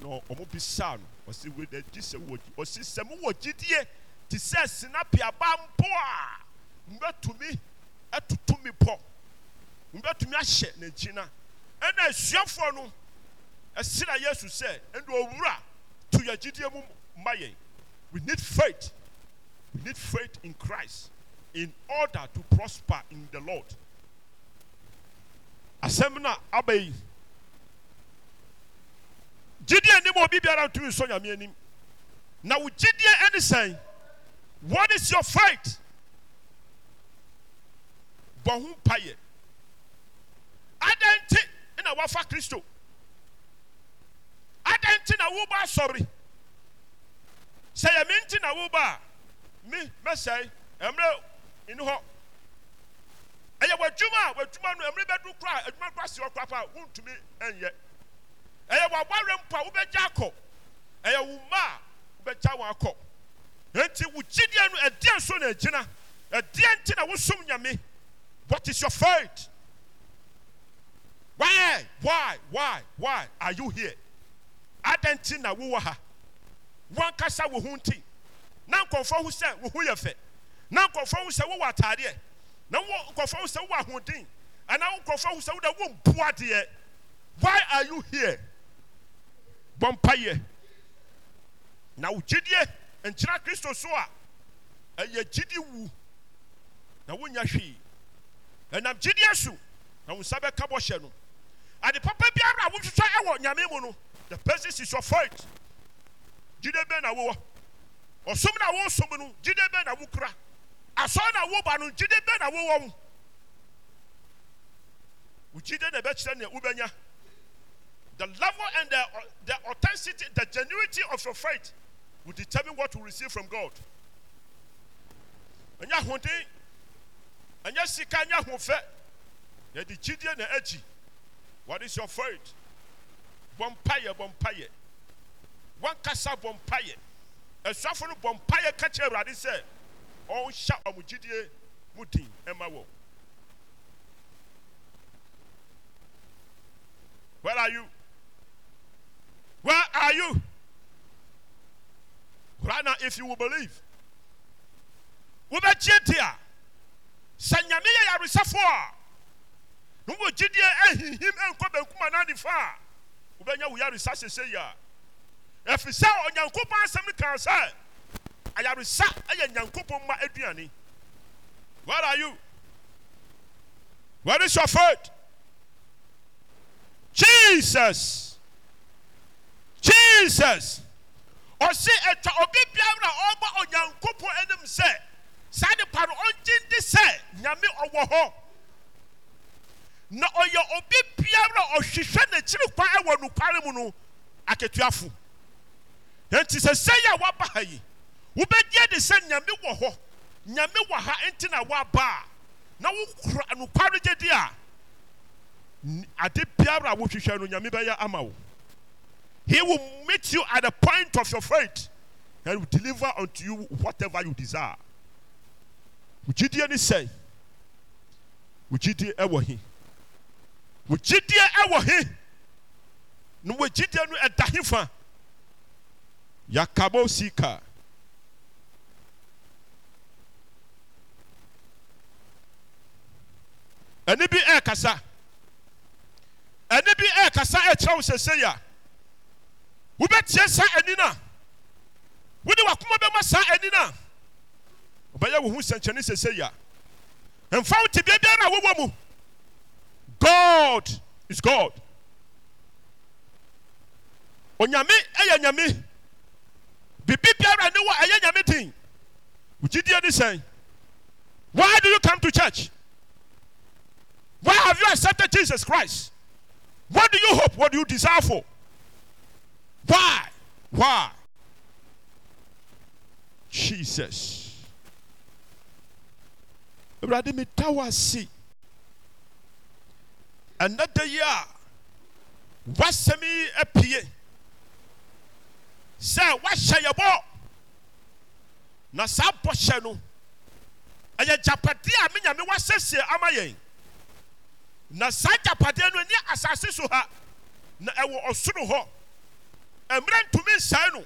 na ɔmo bisaa no ɔsi wɛdi sɛ wɔ gyi ɔsi sɛ mo wɔ gyidie te sɛ sinapiaba mpo a mbɛtumi ɛtutu mi pɔ mbɛtumi ahyɛ n'akyi na ɛna asuafoɔ no ɛsira yesu sɛ ɛna owura tu yɛ gyidie mu mma yɛn we need faith we need faith in christ in order to prosper in the lord asɛm na aba yi gyidie anim a obi biara ntumi nsɔ nyame anim na wo gyidie ɛne sɛn what is your fight bɔ ho mpayɛ adan nti na wafa kristo adan nti na woba asɔre sɛ yɛ nti na woba a me mɛsɛe mmerɛ nni hɔ ɛyɛ w'adwuma a no ɛmiri bɛdu kora adwuma kora si ɔkora pa wuntumi ɛnyɛ ɛyɛ w'abawerɛ mpo a wobɛgya akɔ ɛyɛ wo a wobɛgya wɔn akɔ nti wo no ɛdeɛ so na ɛgyina ɛdeɛ nti na wosom nyame what is your faith why why why why are you here adan ti na wowɔ ha wankasa wo ho ti na nkɔmfɔ ho sɛ wo ho yɛ fɛ na nkɔmfɔ ho sɛ wowɔ ataadeɛ na wo nkɔfo sɛ wo ahoden ana wo nkɔfo sɛ wo da wo mpo adeɛ why are you here bɔ mpayɛ na wo gyidie nkyerɛ kristo so a ɛyɛ gyidi wu na wonya hwee ɛnam gyidie so na wo nsa bɛka bɔhyɛ no ade papa biara a wohwehwɛ ɛwɔ nyame mu no the person is your fault gyidie bɛn na wowɔ ɔsom na wosom no gyidie bɛn na wokura na no bɛ na wo na nea the level and the, the authenticity the genuity of your faith will determine what you receive from god ɛnyɛ ahoden ɛnyɛ sika ɛnyɛ ahofɛ yɛde gyidie na akyi what is your faith bɔ mpayɛ bɔ mpayɛ wankasa bɔ mpayɛ asuafo no bɔ mpayɛ ka awurade sɛ where are you where are you right now if you will believe wobɛgye di a sɛ nyame yɛ yaresafoɔ a na wɔ gyidie ahihim nkɔ bankum anaa nifa a wobɛnya wo yaresa ayaresa ɛyɛ ma aduane where are you where is your faith jesus jesus ɔsi ɛtwa obi biara ɔba ɔnyankopɔn anim sɛ saa nipa no ɔngye ndi sɛ nyame ɔwɔ hɔ na ɔyɛ obi biara ɔhwehwɛ n'akyiri kwan ɛwɔ nukware mu no aketeafo nti sɛ sɛ yɛ waba ha yi wobɛgye de sɛ nyame wɔ hɔ nyame wɔ ha nti na woaba a na wokora nokware gye di a ade biara a wohwehwɛ no nyame bɛyɛ ama wo he will meet you at the point of your faith and will deliver unto you whatever you desire wogyidie ne sɛe wogyidie ɛwɔ he wogyidie ɛwɔ he na wogyidie no ɛda he fa yakabo sika ɛne bi ɛrekasa ɛne bi ɛrekasa ɛkyerɛ wo sɛsɛyi a wobɛtie saa ani no a wode wakoma bɛma saa ani no a ɔbɛyɛ wo ho nsɛnkyɛnne sɛsɛyi a mfa wo tebea biara na wowɔ mu god is god onyame ɛyɛ nyame biribi biara ne wɔ ɛyɛ nyame den wo ne sɛn why do you come to church why have you accepted Jesus Christ? What do you hope? What do you desire for? Why? Why? Jesus. Awurade tawasi, another year, Wasemi da yi a wasɛm yi apue sɛ wahyɛ yɛ bɔ na saa bɔhyɛ no me ama yɛn na saa gyapadeɛ no aniɛ asase so ha na ɛwɔ ɔsono hɔ ɛmera ntumi nsae no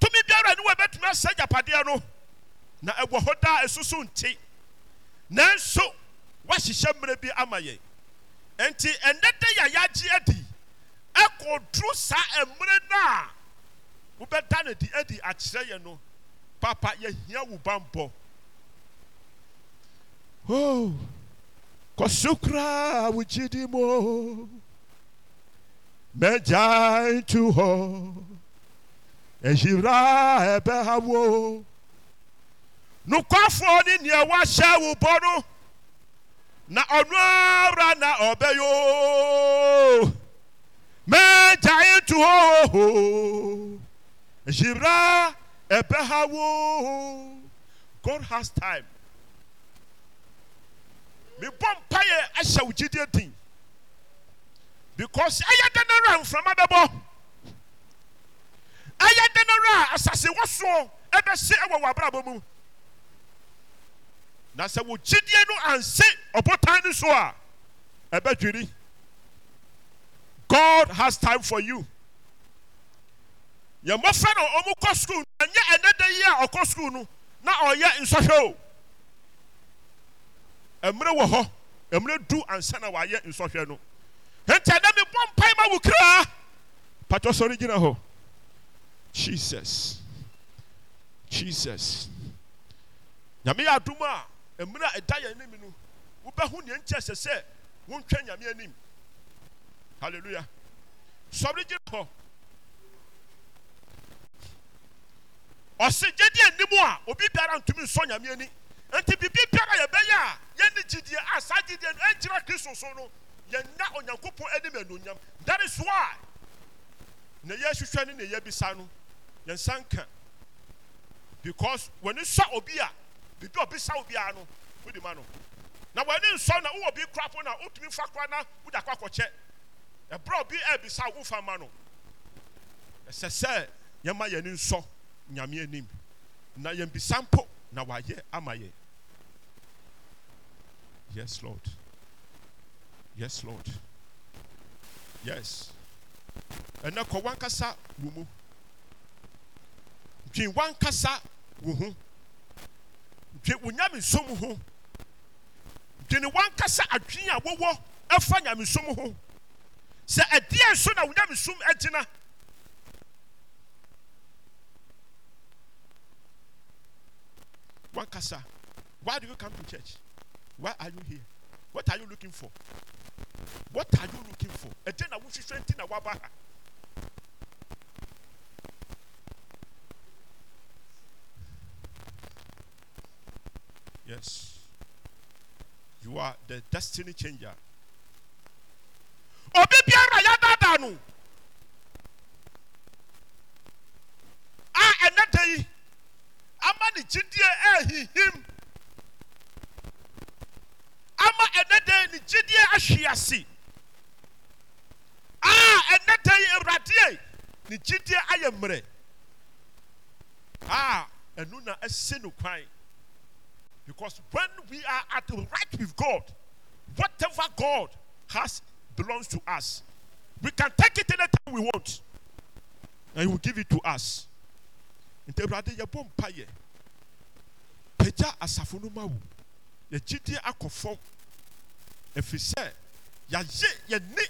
tumi biara ne wabɛtumi asɛ gyapadeɛ no na ɛgɔ hɔ da a ɛsusu nte nanso woahyehyɛ mmerɛ bi ama yɛ enti ɛnɛ dɛ yayagye adi ɛkɔdoro saa merɛ na a wobɛda ne de adi akyerɛ yɛn no papa yɛahia wo banbɔ cosukra wo gyidimo megyai tohɔ eziwra ebehawo nokɔfɔni niɛwa sɛ wo bɔno na ɔnoawra na obeyo me gya tuh eziwra ebeha wo god has time mibɔ mpaeɛ ahyɛ wo gyidiɛ din because ɛyɛ dano wrɛ a mframa bɛbɔ ɛyɛ dano wrɛ a asase wo soɔ ɛbɛse wɔ w' abrabɔ mu na sɛ wo gyidie no anse ɔbotan ne so a ɛbɛdwiri god has time for you yɛmmofrɛ no ɔmu kɔ skuuln ɛnyɛ ɛnɛ dɛ yi a ɔkɔ skuu no na ɔyɛ nsɔhwɛo ɛmerɛ wɔ hɔ merɛ du ansa n a wɔayɛ nsɔhwɛ no entɛ nɛ mebɔ mpai ma wo kiraa pakɛ sɔre gyina hɔ jesus jesus nyame yɛ adom a merɛ a ɛda yɛ nimu no wobɛho nea nkyi sɛ sɛ wontwɛ nyame anim halleluya sɔre gyina hɔ ɔsegyedi nnimu a obi biara ntumi nsɔ nyameani nti biara yɛbɛyɛ a yɛne a saa no ɛnkyerɛ kristo so no yɛnya onyankopɔn anim anuonyam that is why na yɛhwehwɛ ne na yɛbisa no yɛnsa nka because wɔne sɔ obi a biribi a ɔbisa obiara no wode ma no na on, nsɔ na wowɔ bi kora po na wotumi fa kora na wode akɔ akɔkyɛ ɛberɛ obi ɛbisa wofa ma no ɛsɛ sɛ yɛma yɛne nsɔ nyame anim na yɛmbisa mpo na wayɛ ama yɛn Yes, Lord. Yes, Lord. Yes. And now, wankasa wo mu dwen wankasa wo ho dwe wo nyamesom ho dwene wankasa adwene a wowɔ ɛfa nyamesom ho sɛ ɛdeɛ nso na wo nyamesom agyina wankasa why do you come to church why are you here what are you looking for what are you looking for ɛdɛ na wohwehwɛ nti na woaba ha yes you are the destiny changer obi biara yɛdaadaa no a ɛnɛ da yi ama ne gyidie ɛɛhihim gyidie ahwe ase a ɛnɛ ta yi awurade ne gyidie ayɛ mmerɛ a ɛno na ɛsi no kwan because when we are at right with God whatever God has belongs to us we can take it anytime we want and he will give it to us nti awurade yɛbɔ mpa yɛ pagya asafo no ma wo yɛgyidie akɔ fam ɛfiri sɛ yɛye yɛni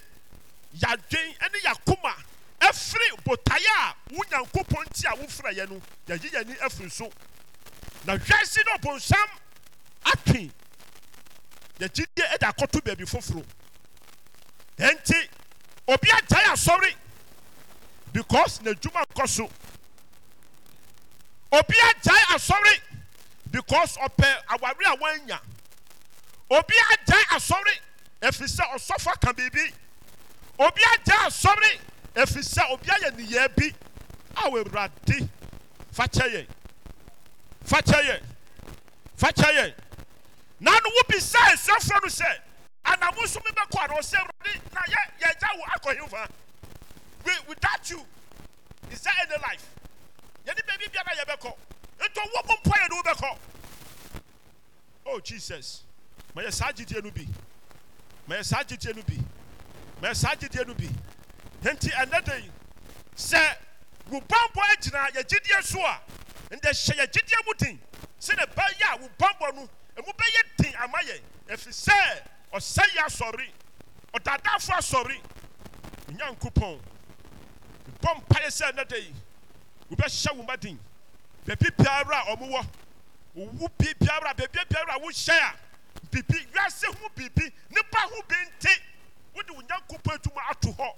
yadwen ne yɛkoma afiri botaeɛ a wo nyankopɔn nti a wofrɛeɛ no yɛaye yɛni afiri so na wɛ si no ɔbonsam atwe yɛgyedie ada akɔto baabi foforo ɛ nti obi agyae asɔre because nedwuma nkɔ so obi agyae asɔre because ɔpɛ awarere a woanya obi agyae asɔre ɛfiri sɛ ɔsɔfo aka biribi obi agyae asɔre ɛfiri sɛ obi ayɛ nneyɛɛ bi a wɔawurade fakyɛ yɛn fakyɛ yɛn fakyɛ yɛn na no bi sɛ asuafoɔ no sɛ anamu nso mi bɛkɔ ana ɔsɛ awurade na yɛ yɛgya wo akɔ himfa without you is there any life yɛne baabi biara yɛbɛkɔ nti ɔwɔ mo mpo yɛ ne wobɛkɔ oh jesus mayɛ saa gidiɛ no bi ayɛ saa gyidiɛ no bi mayɛ saa gyidiɛ no bi enti ɛnɛ dei sɛ wubɔnbɔ agyina yɛgyidiɛ so a ndɛ hyɛ yɛgyidiɛ mu din sɛne bɛyɛ a wobɔnbɔ no mubɛyɛ din ama yɛ ɛfi sɛ ɔsɛ yi asɔere ɔdadafoɔ asɔre nya nkopɔn bɔmpayɛ sɛ ɛnɛ dei wobɛhyɛ woma din bɛbi biawra ɔmowɔ wowu bi biawr bibiawr wohyɛe a biribi wiase ho biribi nipa ho bente wode wo nyankopɔn adwuma ato hɔ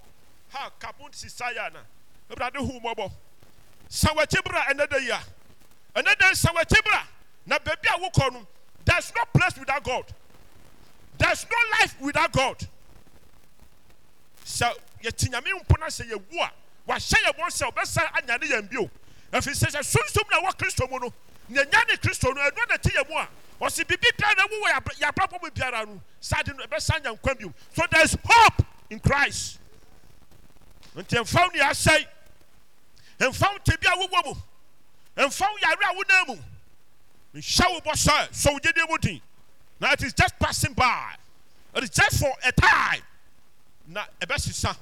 ha kabon sisaya na awurade ho mmɔbɔ sawakye bra ɛnɛ da yi a ɛnɛ da sawakye bra na baabi a wokɔ no there's no place without god there's no life without god sɛ yɛti nyame mpo na sɛ yɛwu a wahyɛ yɛ bɔ sɛ ɔbɛsa anyane yɛn bio ɛfiri sɛ sɛ sunsum na ɛwɔ kristo mu no na ɛnya ne kristo no ɛno na ɛte yɛ mu a biibi bia no wowɔ yɛabrabɔmɔ biara no sade no ɛbɛsa nyankwan bim so thereis hope in christ nti mfaw neaasɛe mfaw tɛbi awowɔ mu mfaw yaere awona mu nhyɛ wobɔsɛ sɔ wo gyediɛ mu din na it is just passin by itis just fo a ti na ɛbɛsisa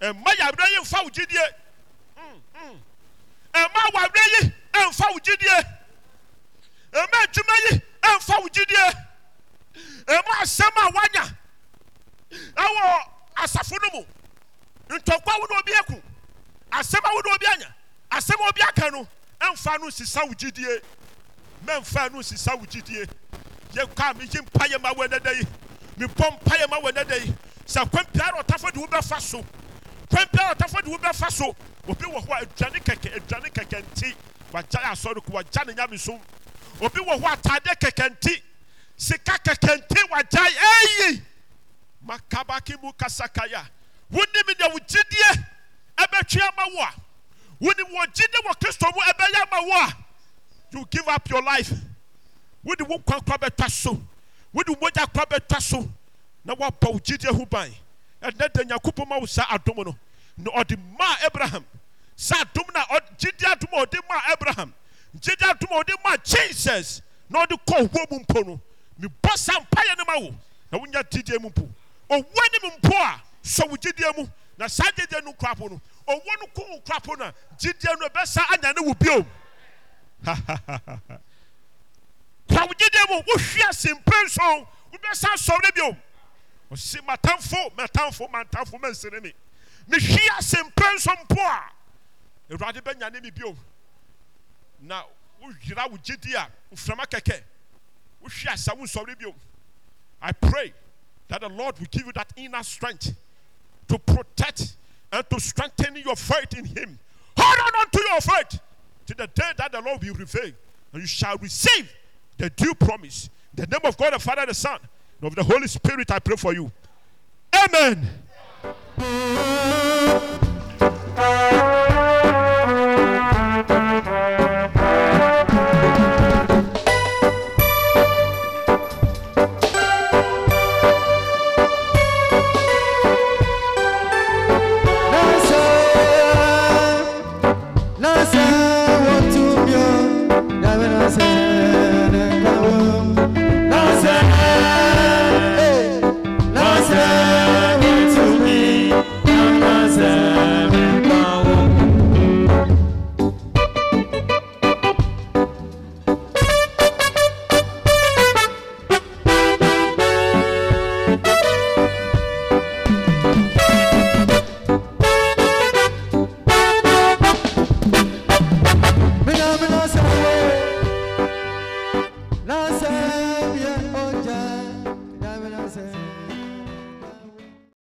ma yaweri mfa wo gyid mm, mm. ma waweryi mfa wo gidɛ ɛma adwuma yi ɛmfa wo gyidie ɛma asɛm a woanya ɛwɔ asafo no mu ntɔkwa wo na obi aku asɛm a wo na obi anya asɛm a obi aka no ɛmfa no nsisa wo gyidie mɛmfa no nsisa wo gyidie yɛkɔ a meyi mpayɛ ma wɔ ɛnɛda yi mebɔ mpayɛ ma wɔ ɛnɛda yi sɛ kwan biara ɔtafo de wo bɛfa so kwan biara ɔtafo de wo bɛfa so obi wɔ hɔ a aduane kɛkɛ aduane kɛkɛ nti wagya asɔre ko wagya ne nyame som obi wɔ hɔ ataade kɛkɛnti sika kɛkɛnti wagyae ɛyi makabaki mu kasakaya wonim deɛ wo gyidie ɛbɛtwe ama wo a wonim wɔ gyidie wɔ kristo mu ɛbɛyɛ ama wo a you give up your life wode wo kwan kora bɛtwa so wode wo mogya kora bɛtwa so na woaba wo gyidie ho ban ɛnɛ da nyankopɔn ma wo saa adom no na ɔde maa abraham saa adom no a adom a ɔde maa abraham gyidiɛ tom ɔde ma jesus na ɔde kɔmu mpono meɔsampaɛnomawo na wonya giiɛm ɔnemmpo sɔw gyiiɛmu nsaagy nora nɔ rn giiɛnɛsayane w w gimuwo sepɛ so woɛ ɔr itmffs mehw sempɛ nso mpo ureɛyanemm na woyira wo gyidi a mframa kɛkɛ wohwe asa wo nsɔre bio i pray that the lord will give you that inner strength to protect and to strengthen your faith in him hold on to your faith till the day that the lord will reveal and you shall receive the due promise in the name of god the father the son and of the holy spirit i pray for you amen